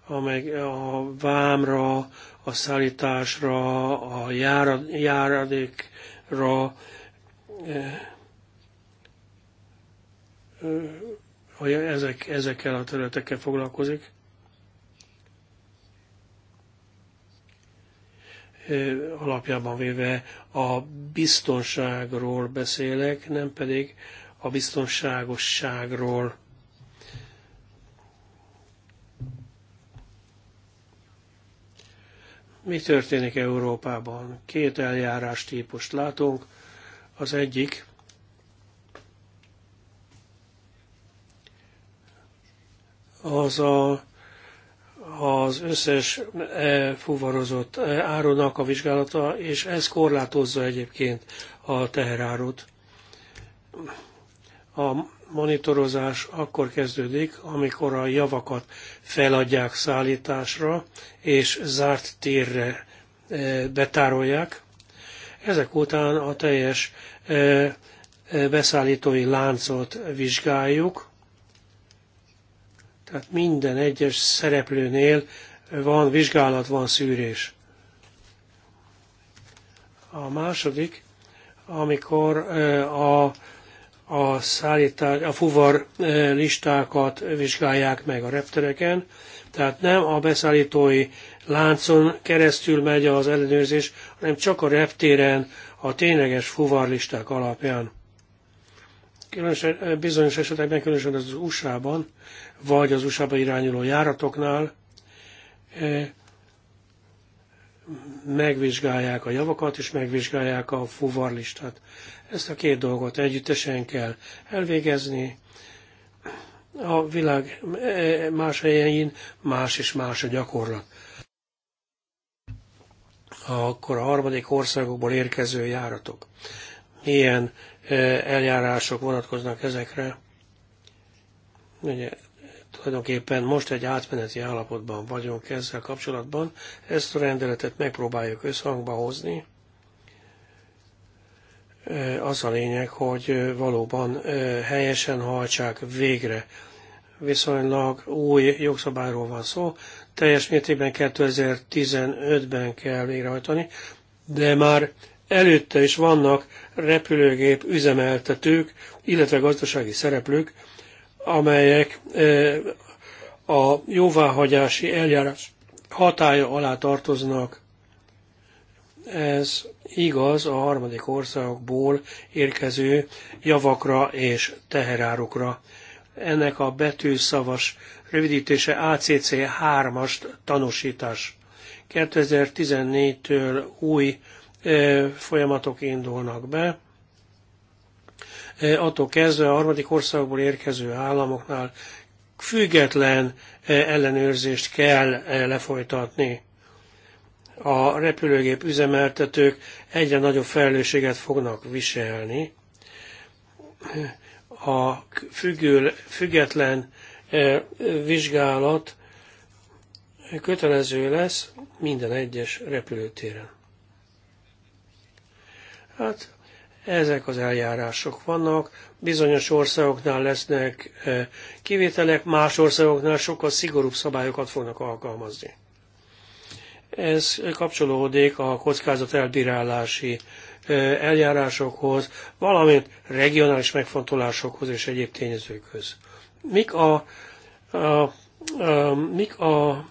amely a vámra, a szállításra, a járad, járadékra, hogy eh, eh, ezek, ezekkel a területekkel foglalkozik. Eh, alapjában véve a biztonságról beszélek, nem pedig a biztonságosságról Mi történik Európában? Két eljárás típust látunk. Az egyik az a, az összes e, fuvarozott e, árunak a vizsgálata, és ez korlátozza egyébként a teherárut. A monitorozás akkor kezdődik, amikor a javakat feladják szállításra, és zárt térre e, betárolják. Ezek után a teljes e, e, beszállítói láncot vizsgáljuk, tehát minden egyes szereplőnél van vizsgálat, van szűrés. A második, amikor a a, szállítás, a fuvar eh, listákat vizsgálják meg a reptereken, tehát nem a beszállítói láncon keresztül megy az ellenőrzés, hanem csak a reptéren a tényleges fuvarlisták alapján. Különösen, eh, bizonyos esetekben, különösen az USA-ban, vagy az USA-ba irányuló járatoknál eh, megvizsgálják a javakat, és megvizsgálják a fuvarlistát. Ezt a két dolgot együttesen kell elvégezni. A világ más helyein más és más a gyakorlat. Akkor a harmadik országokból érkező járatok. Milyen eh, eljárások vonatkoznak ezekre? Ugye Tulajdonképpen most egy átmeneti állapotban vagyunk ezzel kapcsolatban. Ezt a rendeletet megpróbáljuk összhangba hozni. Az a lényeg, hogy valóban helyesen hajtsák végre. Viszonylag új jogszabályról van szó, teljes mértékben 2015-ben kell végrehajtani, de már előtte is vannak repülőgép üzemeltetők, illetve gazdasági szereplők, amelyek a jóváhagyási eljárás hatája alá tartoznak. Ez igaz a harmadik országokból érkező javakra és teherárukra. Ennek a betűszavas rövidítése ACC3-as tanúsítás. 2014-től új folyamatok indulnak be Eh, attól kezdve a harmadik országból érkező államoknál független eh, ellenőrzést kell eh, lefolytatni. A repülőgép üzemeltetők egyre nagyobb felelősséget fognak viselni. A függül, független vizsgálat kötelező lesz minden egyes repülőtéren. Hát ezek az eljárások vannak, bizonyos országoknál lesznek eh, kivételek, más országoknál sokkal szigorúbb szabályokat fognak alkalmazni. Ez kapcsolódik a kockázat elbírálási eh, eljárásokhoz, valamint regionális megfontolásokhoz és egyéb tényezőkhöz. Mik a, a, a, mik a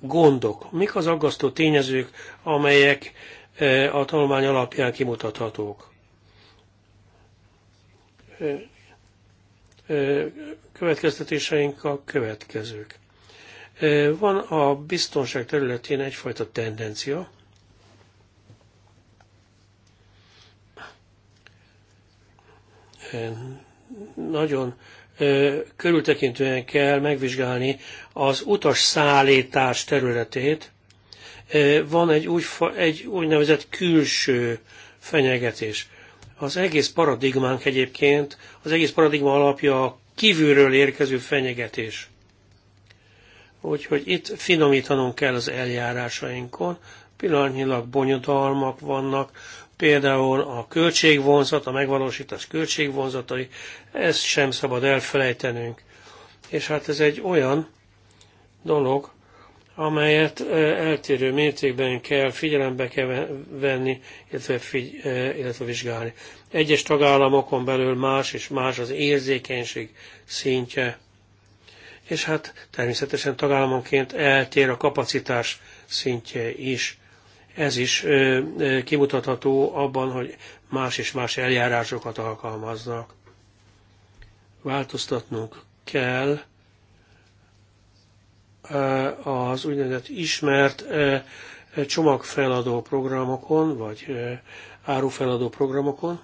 gondok, mik az aggasztó tényezők, amelyek eh, a tanulmány alapján kimutathatók? következtetéseink a következők. Van a biztonság területén egyfajta tendencia, nagyon körültekintően kell megvizsgálni az utas szállítás területét. Van egy, úgy, egy úgynevezett külső fenyegetés. Az egész paradigmánk egyébként, az egész paradigma alapja a kívülről érkező fenyegetés. Úgyhogy itt finomítanunk kell az eljárásainkon, pillanatnyilag bonyodalmak vannak, például a költségvonzat, a megvalósítás költségvonzatai, ezt sem szabad elfelejtenünk. És hát ez egy olyan dolog, amelyet eltérő mértékben kell figyelembe kell venni, illetve, figy, illetve vizsgálni. Egyes tagállamokon belül más és más az érzékenység szintje, és hát természetesen tagállamonként eltér a kapacitás szintje is. Ez is kimutatható abban, hogy más és más eljárásokat alkalmaznak. Változtatnunk kell az úgynevezett ismert csomagfeladó programokon, vagy árufeladó programokon.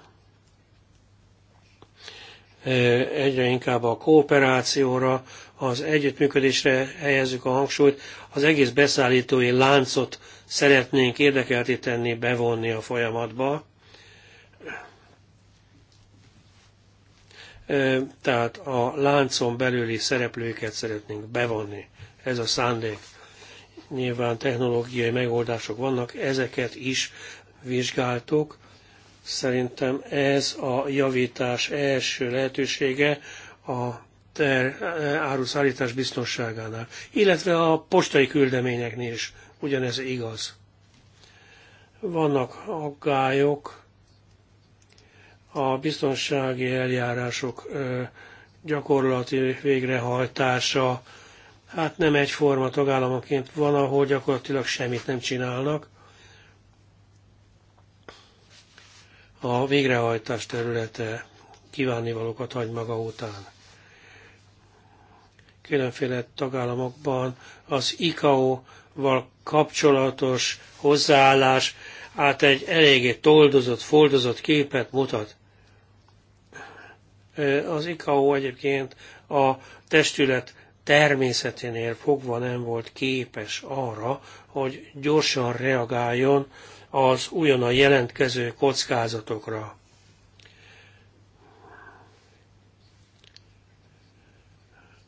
Egyre inkább a kooperációra, az együttműködésre helyezzük a hangsúlyt, az egész beszállítói láncot szeretnénk érdekelté tenni, bevonni a folyamatba. Tehát a láncon belüli szereplőket szeretnénk bevonni ez a szándék. Nyilván technológiai megoldások vannak, ezeket is vizsgáltuk. Szerintem ez a javítás első lehetősége a ter áruszállítás biztonságánál, illetve a postai küldeményeknél is ugyanez igaz. Vannak aggályok, a biztonsági eljárások gyakorlati végrehajtása hát nem egyforma tagállamoként van, ahol gyakorlatilag semmit nem csinálnak. A végrehajtás területe kívánivalókat hagy maga után. Különféle tagállamokban az ICAO-val kapcsolatos hozzáállás át egy eléggé toldozott, foldozott képet mutat. Az ICAO egyébként a testület természeténél fogva nem volt képes arra, hogy gyorsan reagáljon az újonnan jelentkező kockázatokra.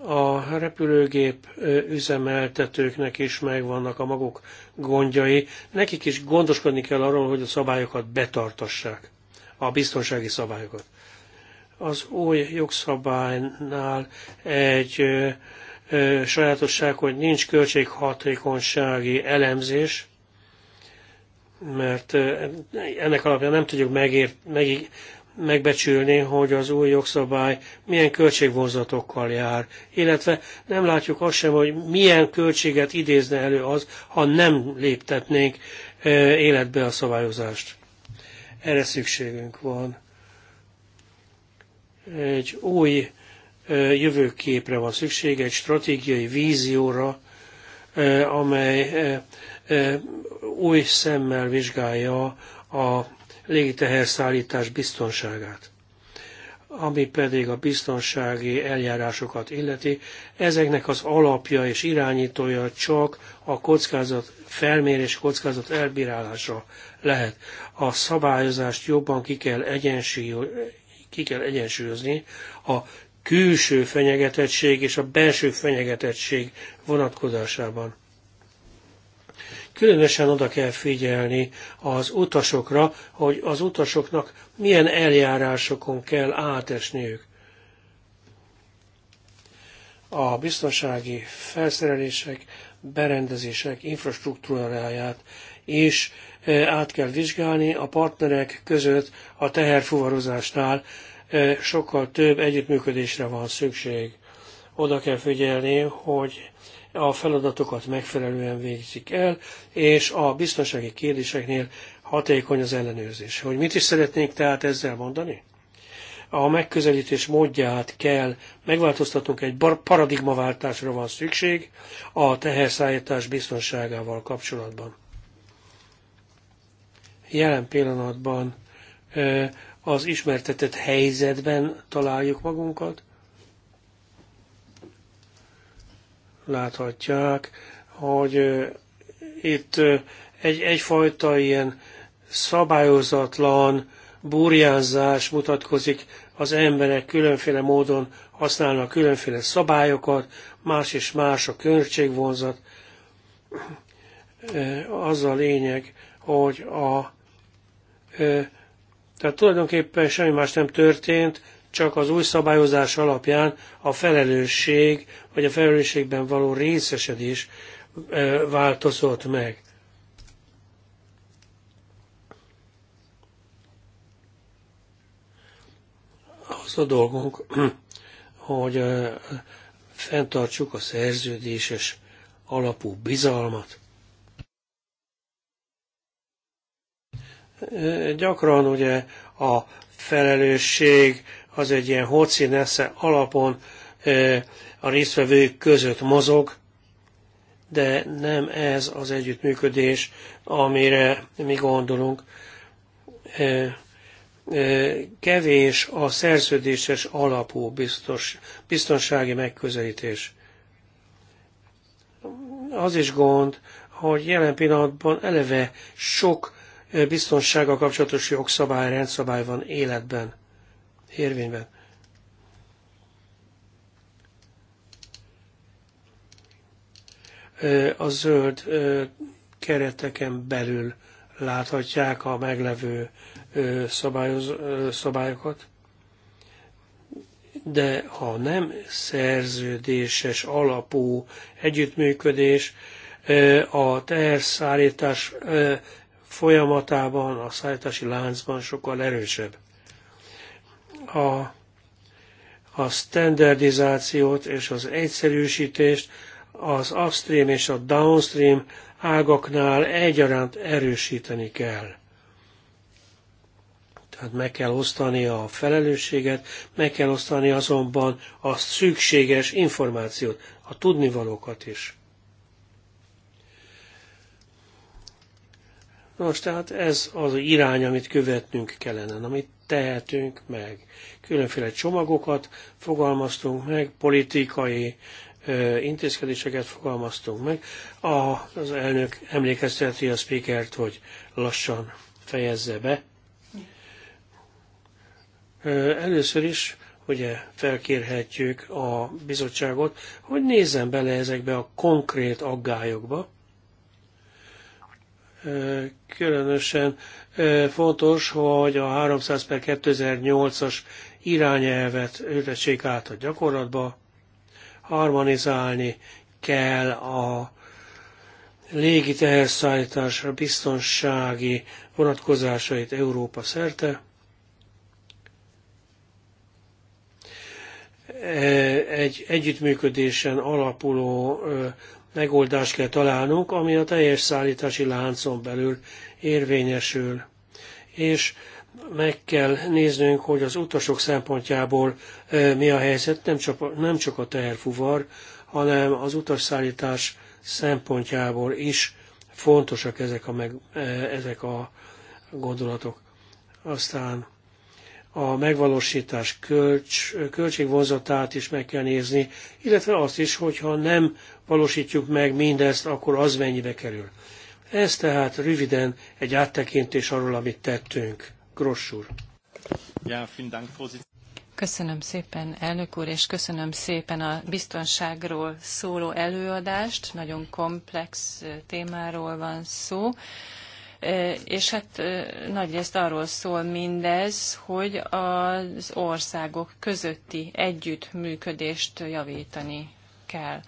a repülőgép üzemeltetőknek is megvannak a maguk gondjai. Nekik is gondoskodni kell arról, hogy a szabályokat betartassák, a biztonsági szabályokat. Az új jogszabálynál egy sajátosság, hogy nincs költséghatékonysági elemzés, mert ennek alapján nem tudjuk megért, meg, megbecsülni, hogy az új jogszabály milyen költségvonzatokkal jár, illetve nem látjuk azt sem, hogy milyen költséget idézne elő az, ha nem léptetnénk életbe a szabályozást. Erre szükségünk van. Egy új jövőképre van szükség, egy stratégiai vízióra, amely új szemmel vizsgálja a légiteherszállítás biztonságát. Ami pedig a biztonsági eljárásokat illeti, ezeknek az alapja és irányítója csak a kockázat felmérés, kockázat elbírálása lehet. A szabályozást jobban ki kell, ki kell egyensúlyozni a külső fenyegetettség és a belső fenyegetettség vonatkozásában. Különösen oda kell figyelni az utasokra, hogy az utasoknak milyen eljárásokon kell átesniük. A biztonsági felszerelések, berendezések infrastruktúráját is eh, át kell vizsgálni a partnerek között a teherfuvarozásnál, sokkal több együttműködésre van szükség. Oda kell figyelni, hogy a feladatokat megfelelően végzik el, és a biztonsági kérdéseknél hatékony az ellenőrzés. Hogy mit is szeretnénk tehát ezzel mondani? A megközelítés módját kell megváltoztatnunk, egy paradigmaváltásra van szükség a teherszállítás biztonságával kapcsolatban. Jelen pillanatban az ismertetett helyzetben találjuk magunkat. Láthatják, hogy itt egy, egyfajta ilyen szabályozatlan burjánzás mutatkozik, az emberek különféle módon használnak különféle szabályokat, más és más a költségvonzat. Az a lényeg, hogy a tehát tulajdonképpen semmi más nem történt, csak az új szabályozás alapján a felelősség, vagy a felelősségben való részesedés változott meg. Az a dolgunk, hogy fenntartsuk a szerződéses alapú bizalmat. Gyakran ugye a felelősség az egy ilyen hoci nesze alapon a résztvevők között mozog, de nem ez az együttműködés, amire mi gondolunk. Kevés a szerződéses alapú biztos, biztonsági megközelítés. Az is gond, hogy jelen pillanatban eleve sok biztonsága kapcsolatos jogszabály, rendszabály van életben, érvényben. A zöld kereteken belül láthatják a meglevő szabályokat, de ha nem szerződéses alapú együttműködés, a teherszállítás folyamatában, a szállítási láncban sokkal erősebb. A, a standardizációt és az egyszerűsítést az upstream és a downstream ágaknál egyaránt erősíteni kell. Tehát meg kell osztani a felelősséget, meg kell osztani azonban a szükséges információt, a tudnivalókat is. Nos, tehát ez az irány, amit követnünk kellene, amit tehetünk meg. Különféle csomagokat fogalmaztunk meg, politikai intézkedéseket fogalmaztunk meg. A, az elnök emlékezteti a speakert, hogy lassan fejezze be. Először is ugye felkérhetjük a bizottságot, hogy nézzen bele ezekbe a konkrét aggályokba, Különösen fontos, hogy a 300 per 2008-as irányelvet ültessék át a gyakorlatba, harmonizálni kell a légi teherszállítás biztonsági vonatkozásait Európa szerte. Egy együttműködésen alapuló megoldást kell találnunk, ami a teljes szállítási láncon belül érvényesül. És meg kell néznünk, hogy az utasok szempontjából mi a helyzet, nem csak, nem csak a teherfuvar, hanem az utasszállítás szempontjából is fontosak ezek a, meg, ezek a gondolatok. Aztán a megvalósítás kölcs, költségvonzatát is meg kell nézni, illetve azt is, hogyha nem valósítjuk meg mindezt, akkor az mennyibe kerül. Ez tehát röviden egy áttekintés arról, amit tettünk. Grossur. Köszönöm szépen, elnök úr, és köszönöm szépen a biztonságról szóló előadást. Nagyon komplex témáról van szó és hát nagyrészt arról szól mindez, hogy az országok közötti együttműködést javítani kell.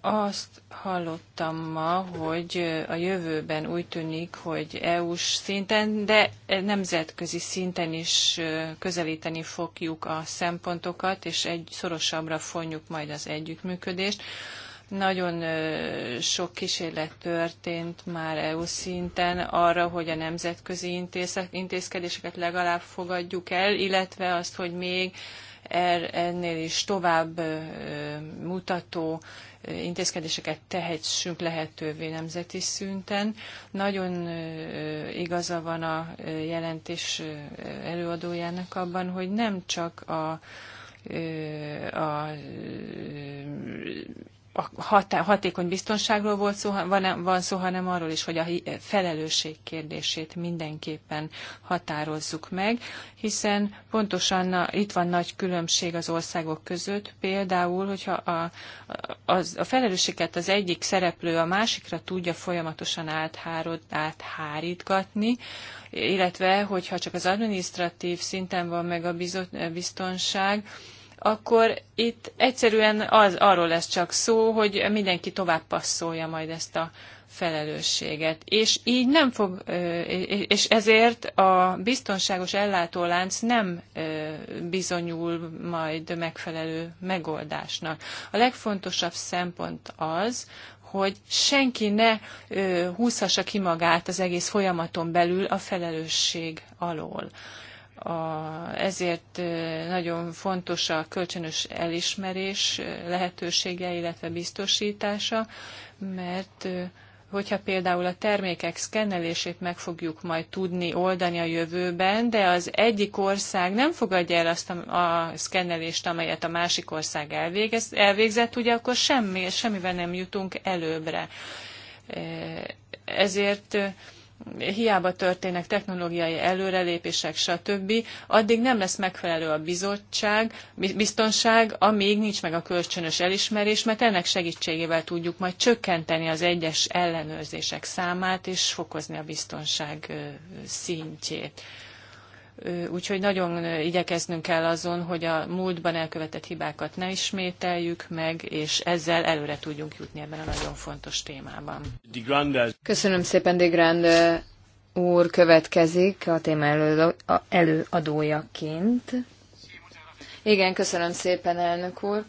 Azt hallottam ma, hogy a jövőben úgy tűnik, hogy EU-s szinten, de nemzetközi szinten is közelíteni fogjuk a szempontokat, és egy szorosabbra fonjuk majd az együttműködést nagyon sok kísérlet történt már EU szinten arra, hogy a nemzetközi intézkedéseket legalább fogadjuk el, illetve azt, hogy még er, ennél is tovább mutató intézkedéseket tehetsünk lehetővé nemzeti szinten. Nagyon igaza van a jelentés előadójának abban, hogy nem csak a a hatékony biztonságról volt szó, van, van szó, hanem arról is, hogy a felelősség kérdését mindenképpen határozzuk meg, hiszen pontosan na, itt van nagy különbség az országok között, például, hogyha a, a felelősséget az egyik szereplő a másikra tudja folyamatosan áthárod, áthárítgatni, illetve hogyha csak az administratív szinten van meg a biztonság, akkor itt egyszerűen az, arról lesz csak szó, hogy mindenki tovább passzolja majd ezt a felelősséget. És így nem fog, és ezért a biztonságos ellátólánc nem bizonyul majd megfelelő megoldásnak. A legfontosabb szempont az, hogy senki ne húzhassa ki magát az egész folyamaton belül a felelősség alól a, ezért nagyon fontos a kölcsönös elismerés lehetősége, illetve biztosítása, mert hogyha például a termékek szkennelését meg fogjuk majd tudni oldani a jövőben, de az egyik ország nem fogadja el azt a, a szkennelést, amelyet a másik ország elvégez, elvégzett, ugye akkor semmi, semmivel nem jutunk előbbre. Ezért hiába történnek technológiai előrelépések, stb., addig nem lesz megfelelő a bizottság, biztonság, amíg nincs meg a kölcsönös elismerés, mert ennek segítségével tudjuk majd csökkenteni az egyes ellenőrzések számát és fokozni a biztonság szintjét. Úgyhogy nagyon igyekeznünk kell azon, hogy a múltban elkövetett hibákat ne ismételjük meg, és ezzel előre tudjunk jutni ebben a nagyon fontos témában. Köszönöm szépen, De Grand úr következik a téma elő, előadójaként. Igen, köszönöm szépen, elnök úr.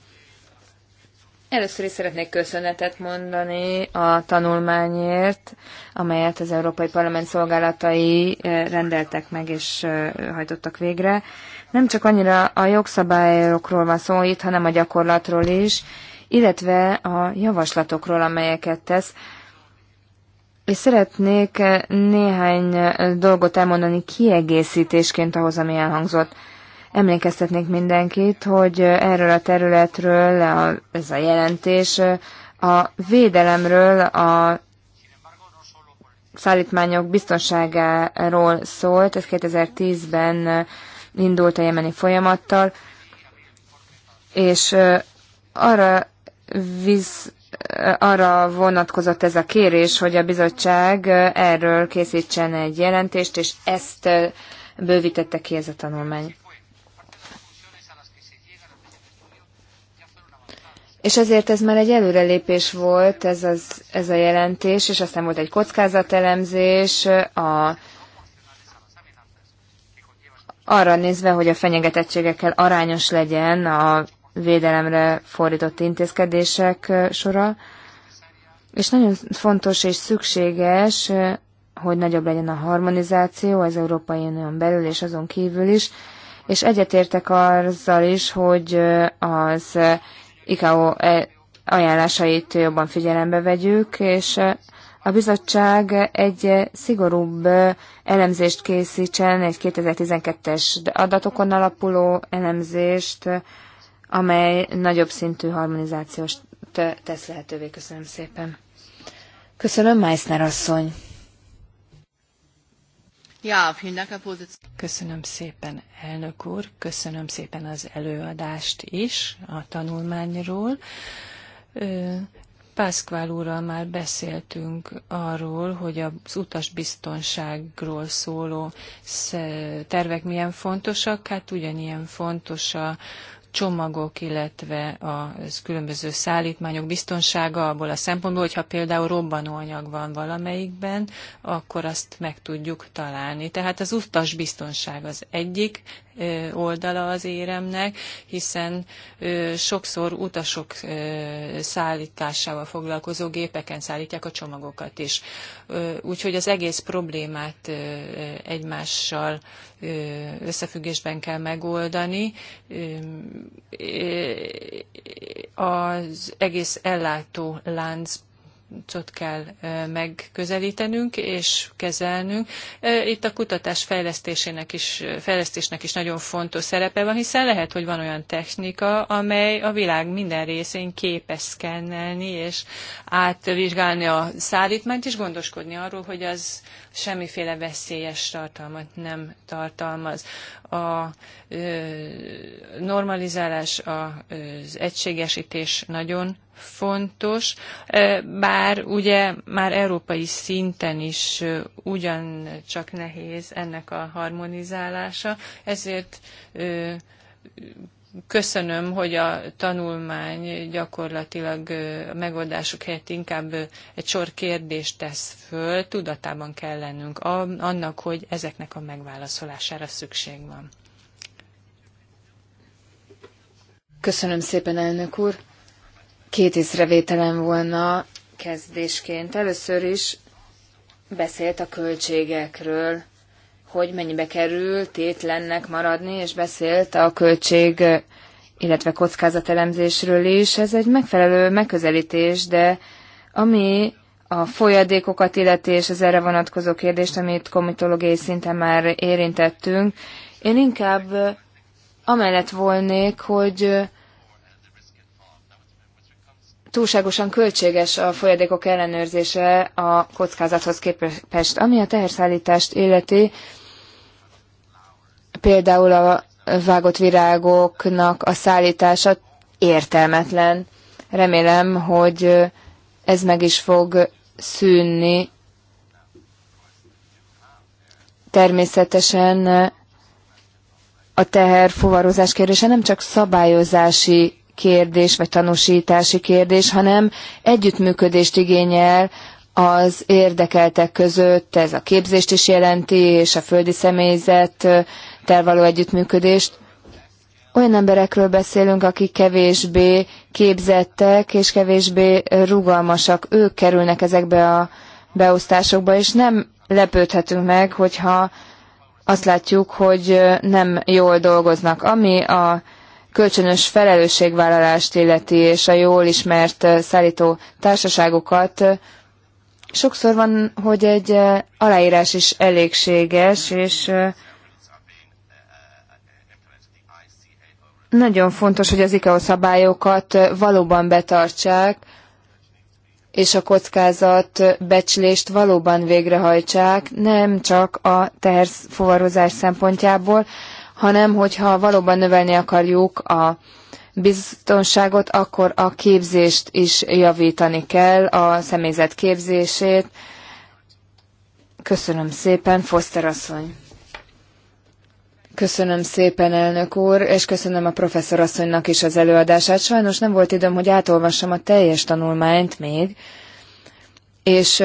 Először is szeretnék köszönetet mondani a tanulmányért, amelyet az Európai Parlament szolgálatai eh, rendeltek meg és eh, hajtottak végre. Nem csak annyira a jogszabályokról van szó itt, hanem a gyakorlatról is, illetve a javaslatokról, amelyeket tesz. És szeretnék eh, néhány dolgot elmondani kiegészítésként ahhoz, ami elhangzott. Emlékeztetnék mindenkit, hogy erről a területről a, ez a jelentés a védelemről, a szállítmányok biztonságáról szólt, ez 2010-ben indult a jemeni folyamattal, és arra, visz arra vonatkozott ez a kérés, hogy a bizottság erről készítsen egy jelentést, és ezt bővítette ki ez a tanulmány. És ezért ez már egy előrelépés volt, ez, az, ez a jelentés, és aztán volt egy kockázatelemzés, a, arra nézve, hogy a fenyegetettségekkel arányos legyen a védelemre fordított intézkedések sora, és nagyon fontos és szükséges, hogy nagyobb legyen a harmonizáció az Európai Unión belül és azon kívül is, és egyetértek azzal is, hogy az ICAO e ajánlásait jobban figyelembe vegyük, és e, a bizottság egy e, szigorúbb elemzést készítsen, egy 2012-es adatokon alapuló elemzést, amely nagyobb szintű harmonizációt tesz lehetővé. Köszönöm szépen. Köszönöm, Meissner asszony. Köszönöm szépen, elnök úr, köszönöm szépen az előadást is a tanulmányról. Pászkvál úrral már beszéltünk arról, hogy az utasbiztonságról szóló tervek milyen fontosak, hát ugyanilyen fontos a csomagok, illetve a különböző szállítmányok biztonsága abból a szempontból, hogyha például robbanóanyag van valamelyikben, akkor azt meg tudjuk találni. Tehát az utas biztonság az egyik oldala az éremnek, hiszen sokszor utasok szállításával foglalkozó gépeken szállítják a csomagokat is. Úgyhogy az egész problémát egymással összefüggésben kell megoldani. Az egész ellátó láncban piacot kell megközelítenünk és kezelnünk. Itt a kutatás fejlesztésének is, fejlesztésnek is nagyon fontos szerepe van, hiszen lehet, hogy van olyan technika, amely a világ minden részén képes szkennelni és átvizsgálni a szállítmányt, és gondoskodni arról, hogy az semmiféle veszélyes tartalmat nem tartalmaz a normalizálás, az egységesítés nagyon fontos, bár ugye már európai szinten is ugyancsak nehéz ennek a harmonizálása, ezért köszönöm, hogy a tanulmány gyakorlatilag a megoldások helyett inkább egy sor kérdést tesz föl, tudatában kell lennünk annak, hogy ezeknek a megválaszolására szükség van. Köszönöm szépen, elnök úr. Két észrevételem volna kezdésként. Először is beszélt a költségekről, hogy mennyibe kerül tétlennek maradni, és beszélt a költség, illetve kockázatelemzésről is. Ez egy megfelelő megközelítés, de ami a folyadékokat illeti, és az erre vonatkozó kérdést, amit komitológiai szinten már érintettünk, én inkább amellett volnék, hogy túlságosan költséges a folyadékok ellenőrzése a kockázathoz képest. Ami a teherszállítást illeti, például a vágott virágoknak a szállítása értelmetlen. Remélem, hogy ez meg is fog szűnni. Természetesen a fuvarozás kérdése nem csak szabályozási kérdés, vagy tanúsítási kérdés, hanem együttműködést igényel az érdekeltek között, ez a képzést is jelenti, és a földi személyzet tel való együttműködést. Olyan emberekről beszélünk, akik kevésbé képzettek és kevésbé rugalmasak. Ők kerülnek ezekbe a beosztásokba, és nem lepődhetünk meg, hogyha azt látjuk, hogy nem jól dolgoznak. Ami a kölcsönös felelősségvállalást illeti, és a jól ismert szállító társaságokat, sokszor van, hogy egy aláírás is elégséges, és Nagyon fontos, hogy az ICAO szabályokat valóban betartsák, és a kockázat becslést valóban végrehajtsák, nem csak a teherfuvarozás szempontjából, hanem hogyha valóban növelni akarjuk a biztonságot, akkor a képzést is javítani kell, a személyzet képzését. Köszönöm szépen, Foster asszony! Köszönöm szépen, elnök úr, és köszönöm a professzor asszonynak is az előadását. Sajnos nem volt időm, hogy átolvassam a teljes tanulmányt még, és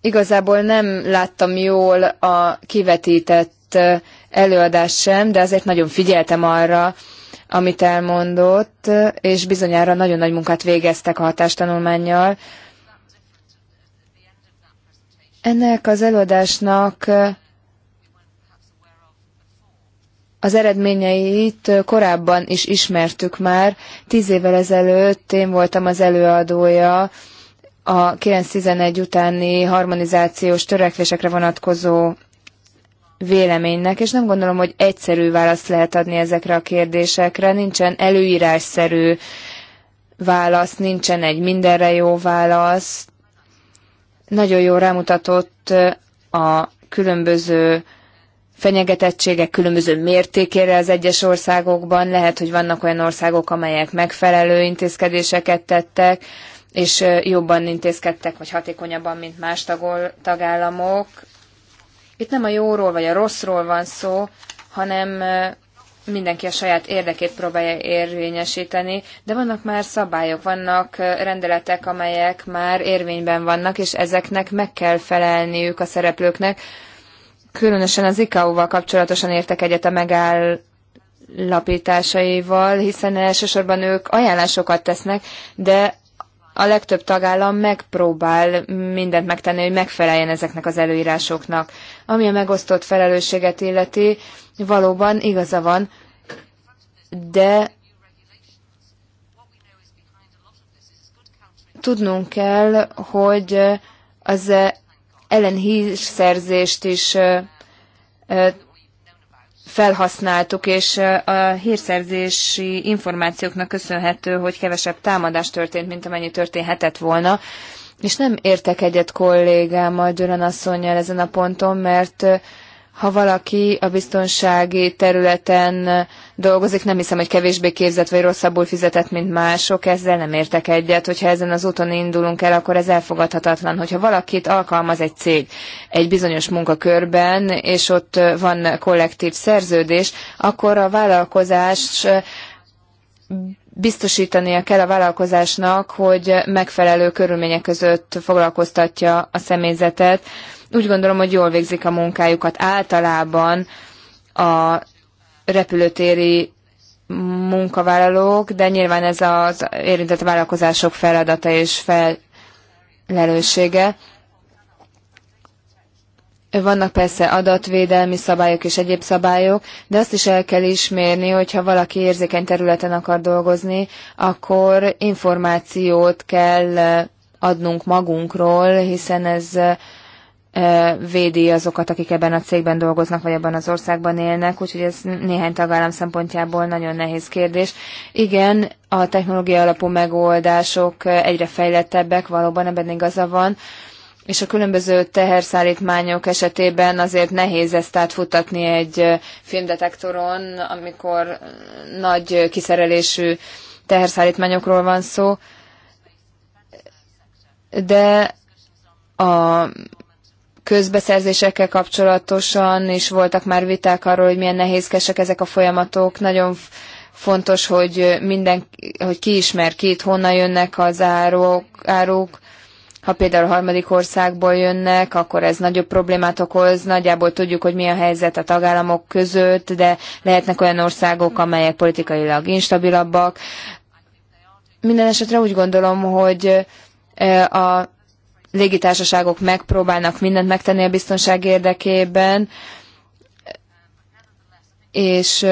igazából nem láttam jól a kivetített előadást sem, de azért nagyon figyeltem arra, amit elmondott, és bizonyára nagyon nagy munkát végeztek a hatástanulmányjal. Ennek az előadásnak az eredményeit korábban is ismertük már. Tíz évvel ezelőtt én voltam az előadója a 9-11 utáni harmonizációs törekvésekre vonatkozó véleménynek, és nem gondolom, hogy egyszerű választ lehet adni ezekre a kérdésekre. Nincsen előírásszerű válasz, nincsen egy mindenre jó válasz. Nagyon jó rámutatott a különböző fenyegetettségek különböző mértékére az egyes országokban. Lehet, hogy vannak olyan országok, amelyek megfelelő intézkedéseket tettek, és jobban intézkedtek, vagy hatékonyabban, mint más tagol, tagállamok. Itt nem a jóról vagy a rosszról van szó, hanem mindenki a saját érdekét próbálja érvényesíteni, de vannak már szabályok, vannak rendeletek, amelyek már érvényben vannak, és ezeknek meg kell felelniük a szereplőknek, különösen az ICAO-val kapcsolatosan értek egyet a lapításaival, hiszen elsősorban ők ajánlásokat tesznek, de a legtöbb tagállam megpróbál mindent megtenni, hogy megfeleljen ezeknek az előírásoknak. Ami a megosztott felelősséget illeti, valóban igaza van, de tudnunk kell, hogy az ellenhírszerzést is felhasználtuk, és a hírszerzési információknak köszönhető, hogy kevesebb támadás történt, mint amennyi történhetett volna. És nem értek egyet kollégám a Gyuran asszonynal ezen a ponton, mert ha valaki a biztonsági területen dolgozik, nem hiszem, hogy kevésbé képzett vagy rosszabbul fizetett, mint mások, ezzel nem értek egyet. Hogyha ezen az úton indulunk el, akkor ez elfogadhatatlan. Hogyha valakit alkalmaz egy cég egy bizonyos munkakörben, és ott van kollektív szerződés, akkor a vállalkozás biztosítania kell a vállalkozásnak, hogy megfelelő körülmények között foglalkoztatja a személyzetet, úgy gondolom, hogy jól végzik a munkájukat. Általában a repülőtéri munkavállalók, de nyilván ez az érintett vállalkozások feladata és felelőssége. Vannak persze adatvédelmi szabályok és egyéb szabályok, de azt is el kell ismérni, hogy ha valaki érzékeny területen akar dolgozni, akkor információt kell adnunk magunkról, hiszen ez védi azokat, akik ebben a cégben dolgoznak, vagy ebben az országban élnek, úgyhogy ez néhány tagállam szempontjából nagyon nehéz kérdés. Igen, a technológia alapú megoldások egyre fejlettebbek, valóban ebben igaza van, és a különböző teherszállítmányok esetében azért nehéz ezt átfutatni egy filmdetektoron, amikor nagy kiszerelésű teherszállítmányokról van szó, de a közbeszerzésekkel kapcsolatosan is voltak már viták arról, hogy milyen nehézkesek ezek a folyamatok. Nagyon fontos, hogy, minden, hogy ki ismer két, honnan jönnek az áruk, áruk. Ha például a harmadik országból jönnek, akkor ez nagyobb problémát okoz. Nagyjából tudjuk, hogy mi a helyzet a tagállamok között, de lehetnek olyan országok, amelyek politikailag instabilabbak. Minden esetre úgy gondolom, hogy eh, a légitársaságok megpróbálnak mindent megtenni a biztonság érdekében, és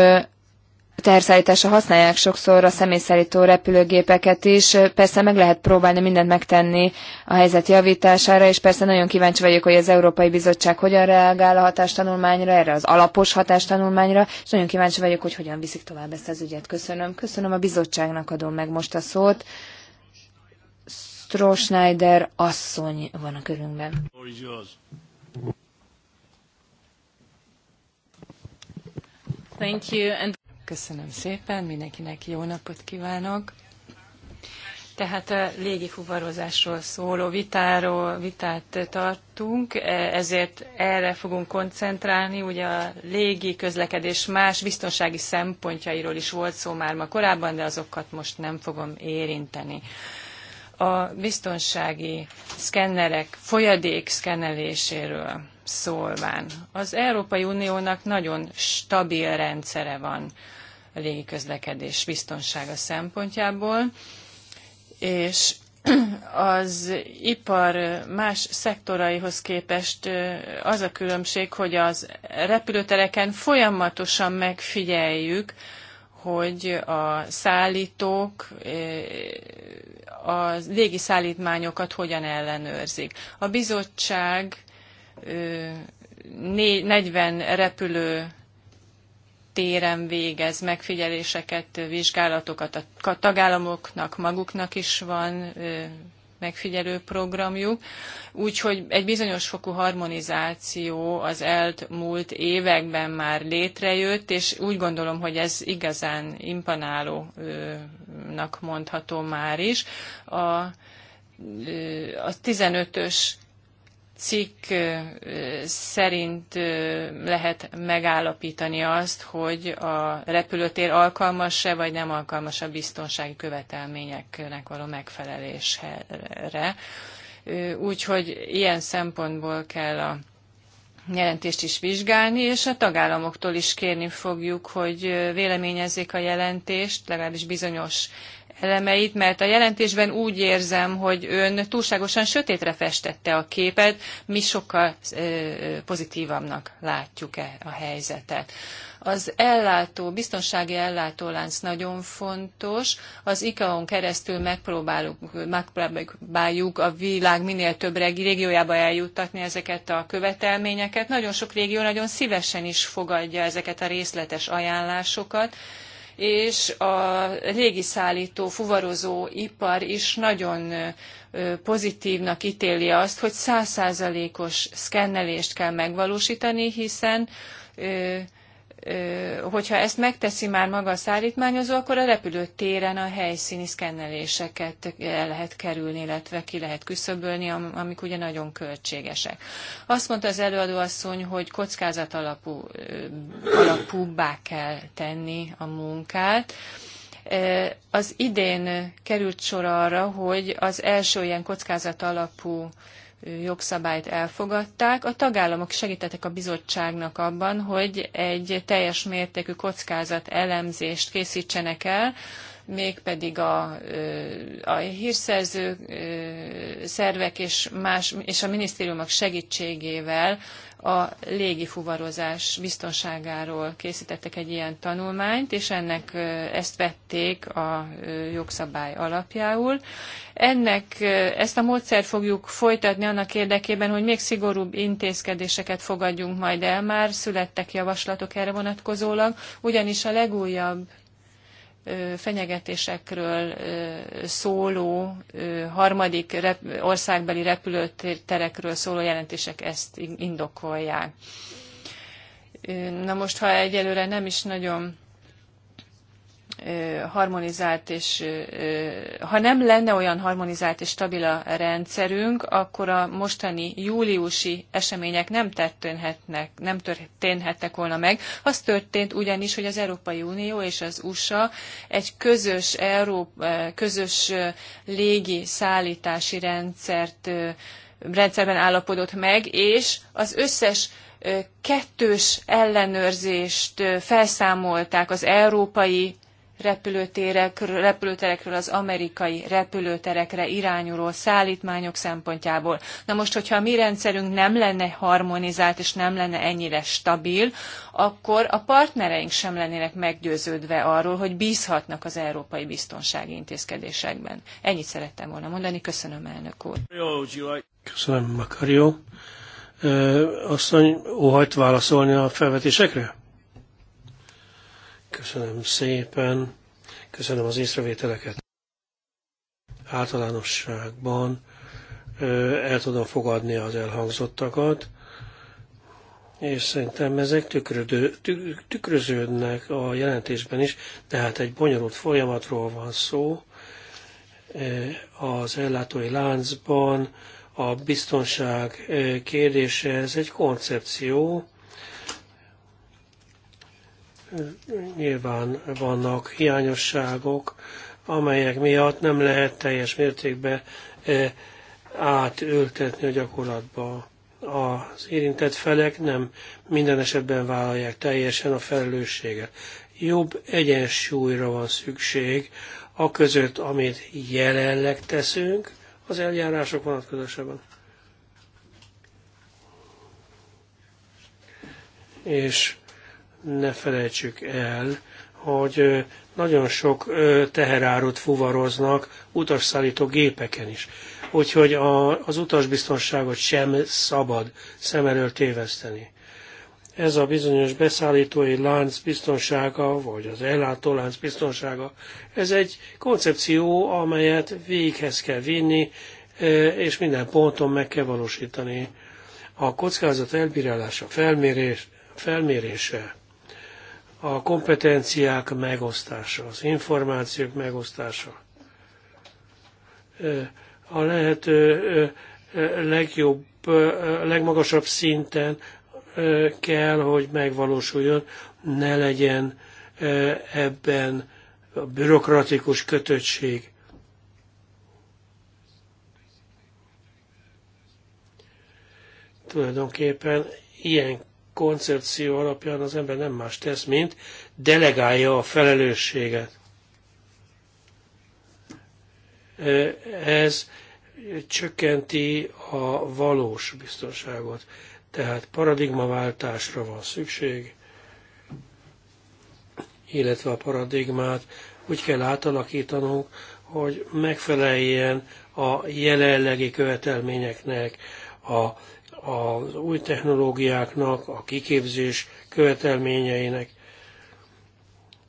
teherszállításra használják sokszor a személyszállító repülőgépeket is. Persze meg lehet próbálni mindent megtenni a helyzet javítására, és persze nagyon kíváncsi vagyok, hogy az Európai Bizottság hogyan reagál a hatástanulmányra, erre az alapos hatástanulmányra, és nagyon kíváncsi vagyok, hogy hogyan viszik tovább ezt az ügyet. Köszönöm. Köszönöm a bizottságnak adom meg most a szót. Schneider asszony van a körünkben. Köszönöm szépen, mindenkinek jó napot kívánok. Tehát a légifuvarozásról szóló vitáról, vitát tartunk, ezért erre fogunk koncentrálni. Ugye a légi közlekedés más biztonsági szempontjairól is volt szó már ma korábban, de azokat most nem fogom érinteni a biztonsági szkennerek folyadék szkenneléséről szólván. Az Európai Uniónak nagyon stabil rendszere van a légiközlekedés biztonsága szempontjából, és az ipar más szektoraihoz képest az a különbség, hogy az repülőtereken folyamatosan megfigyeljük, hogy a szállítók a légiszállítmányokat hogyan ellenőrzik. A bizottság 40 repülő téren végez megfigyeléseket, vizsgálatokat, a tagállamoknak maguknak is van megfigyelő programjuk, úgyhogy egy bizonyos fokú harmonizáció az elmúlt években már létrejött, és úgy gondolom, hogy ez igazán impanálónak mondható már is. A, a 15-ös cikk szerint lehet megállapítani azt, hogy a repülőtér alkalmas-e vagy nem alkalmas a biztonsági követelményeknek való megfelelésre. Úgyhogy ilyen szempontból kell a jelentést is vizsgálni, és a tagállamoktól is kérni fogjuk, hogy véleményezzék a jelentést, legalábbis bizonyos elemeit, mert a jelentésben úgy érzem, hogy ön túlságosan sötétre festette a képet, mi sokkal pozitívabbnak látjuk -e a helyzetet. Az ellátó, biztonsági ellátólánc nagyon fontos. Az ICAO-n keresztül megpróbáljuk, megpróbáljuk a világ minél több régiójába eljuttatni ezeket a követelményeket. Nagyon sok régió nagyon szívesen is fogadja ezeket a részletes ajánlásokat, és a légiszállító, fuvarozó ipar is nagyon pozitívnak ítéli azt, hogy százszázalékos szkennelést kell megvalósítani, hiszen hogyha ezt megteszi már maga a szállítmányozó, akkor a repülőtéren a helyszíni szkenneléseket el lehet kerülni, illetve ki lehet küszöbölni, amik ugye nagyon költségesek. Azt mondta az előadó asszony, hogy kockázat alapú, alapúbbá kell tenni a munkát. Az idén került sor arra, hogy az első ilyen kockázat alapú jogszabályt elfogadták. A tagállamok segítettek a bizottságnak abban, hogy egy teljes mértékű kockázat elemzést készítsenek el, mégpedig a, a hírszerző szervek és, más, és a minisztériumok segítségével a légifuvarozás biztonságáról készítettek egy ilyen tanulmányt, és ennek ezt vették a jogszabály alapjául. Ennek ezt a módszert fogjuk folytatni annak érdekében, hogy még szigorúbb intézkedéseket fogadjunk majd el. Már születtek javaslatok erre vonatkozólag, ugyanis a legújabb fenyegetésekről szóló harmadik országbeli repülőterekről szóló jelentések ezt indokolják. Na most, ha egyelőre nem is nagyon harmonizált és ha nem lenne olyan harmonizált és stabil a rendszerünk, akkor a mostani júliusi események nem történhetnek, nem történhettek volna meg. Az történt ugyanis, hogy az Európai Unió és az USA egy közös, Európa, közös légi szállítási rendszert rendszerben állapodott meg, és az összes kettős ellenőrzést felszámolták az európai repülőtérek, repülőterekről az amerikai repülőterekre irányuló szállítmányok szempontjából. Na most, hogyha a mi rendszerünk nem lenne harmonizált és nem lenne ennyire stabil, akkor a partnereink sem lennének meggyőződve arról, hogy bízhatnak az európai biztonsági intézkedésekben. Ennyit szerettem volna mondani. Köszönöm, elnök úr. Köszönöm, Makario. Asszony, óhajt válaszolni a felvetésekre? Köszönöm szépen, köszönöm az észrevételeket. Általánosságban el tudom fogadni az elhangzottakat, és szerintem ezek tükrödő, tükröződnek a jelentésben is, tehát egy bonyolult folyamatról van szó az ellátói láncban, a biztonság kérdése, ez egy koncepció, nyilván vannak hiányosságok, amelyek miatt nem lehet teljes mértékben e, átültetni a gyakorlatba. Az érintett felek nem minden esetben vállalják teljesen a felelősséget. Jobb egyensúlyra van szükség a között, amit jelenleg teszünk az eljárások vonatkozásában. És ne felejtsük el, hogy nagyon sok teherárut fuvaroznak utasszállító gépeken is. Úgyhogy a, az utasbiztonságot sem szabad szem elől téveszteni. Ez a bizonyos beszállítói lánc biztonsága, vagy az ellátó lánc biztonsága, ez egy koncepció, amelyet véghez kell vinni, és minden ponton meg kell valósítani. A kockázat elbírálása, felmérés, felmérése, a kompetenciák megosztása, az információk megosztása. A lehető legjobb, legmagasabb szinten kell, hogy megvalósuljon, ne legyen ebben a bürokratikus kötöttség. Tulajdonképpen ilyen koncepció alapján az ember nem más tesz, mint delegálja a felelősséget. Ez csökkenti a valós biztonságot. Tehát paradigmaváltásra van szükség, illetve a paradigmát úgy kell átalakítanunk, hogy megfeleljen a jelenlegi követelményeknek, a az új technológiáknak, a kiképzés követelményeinek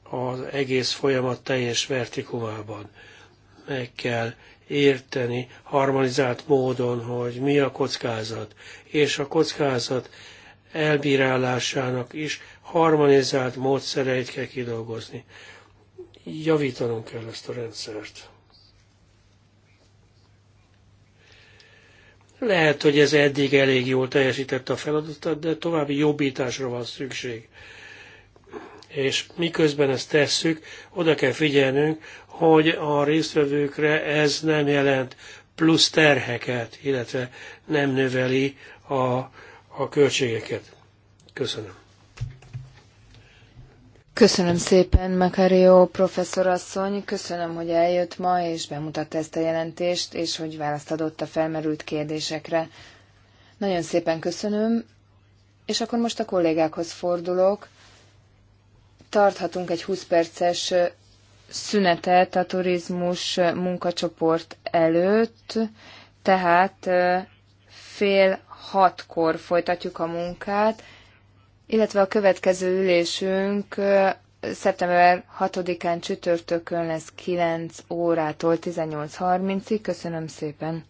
az egész folyamat teljes vertikumában meg kell érteni harmonizált módon, hogy mi a kockázat, és a kockázat elbírálásának is harmonizált módszereit kell kidolgozni. Javítanunk kell ezt a rendszert. Lehet, hogy ez eddig elég jól teljesítette a feladatot, de további jobbításra van szükség. És miközben ezt tesszük, oda kell figyelnünk, hogy a résztvevőkre ez nem jelent plusz terheket, illetve nem növeli a, a költségeket. Köszönöm. Köszönöm szépen, Macario professzor asszony, köszönöm, hogy eljött ma, és bemutatta ezt a jelentést, és hogy választ adott a felmerült kérdésekre. Nagyon szépen köszönöm, és akkor most a kollégákhoz fordulok. Tarthatunk egy 20 perces szünetet a turizmus munkacsoport előtt, tehát fél hatkor folytatjuk a munkát, illetve a következő ülésünk szeptember 6-án csütörtökön lesz 9 órától 18.30-ig. Köszönöm szépen!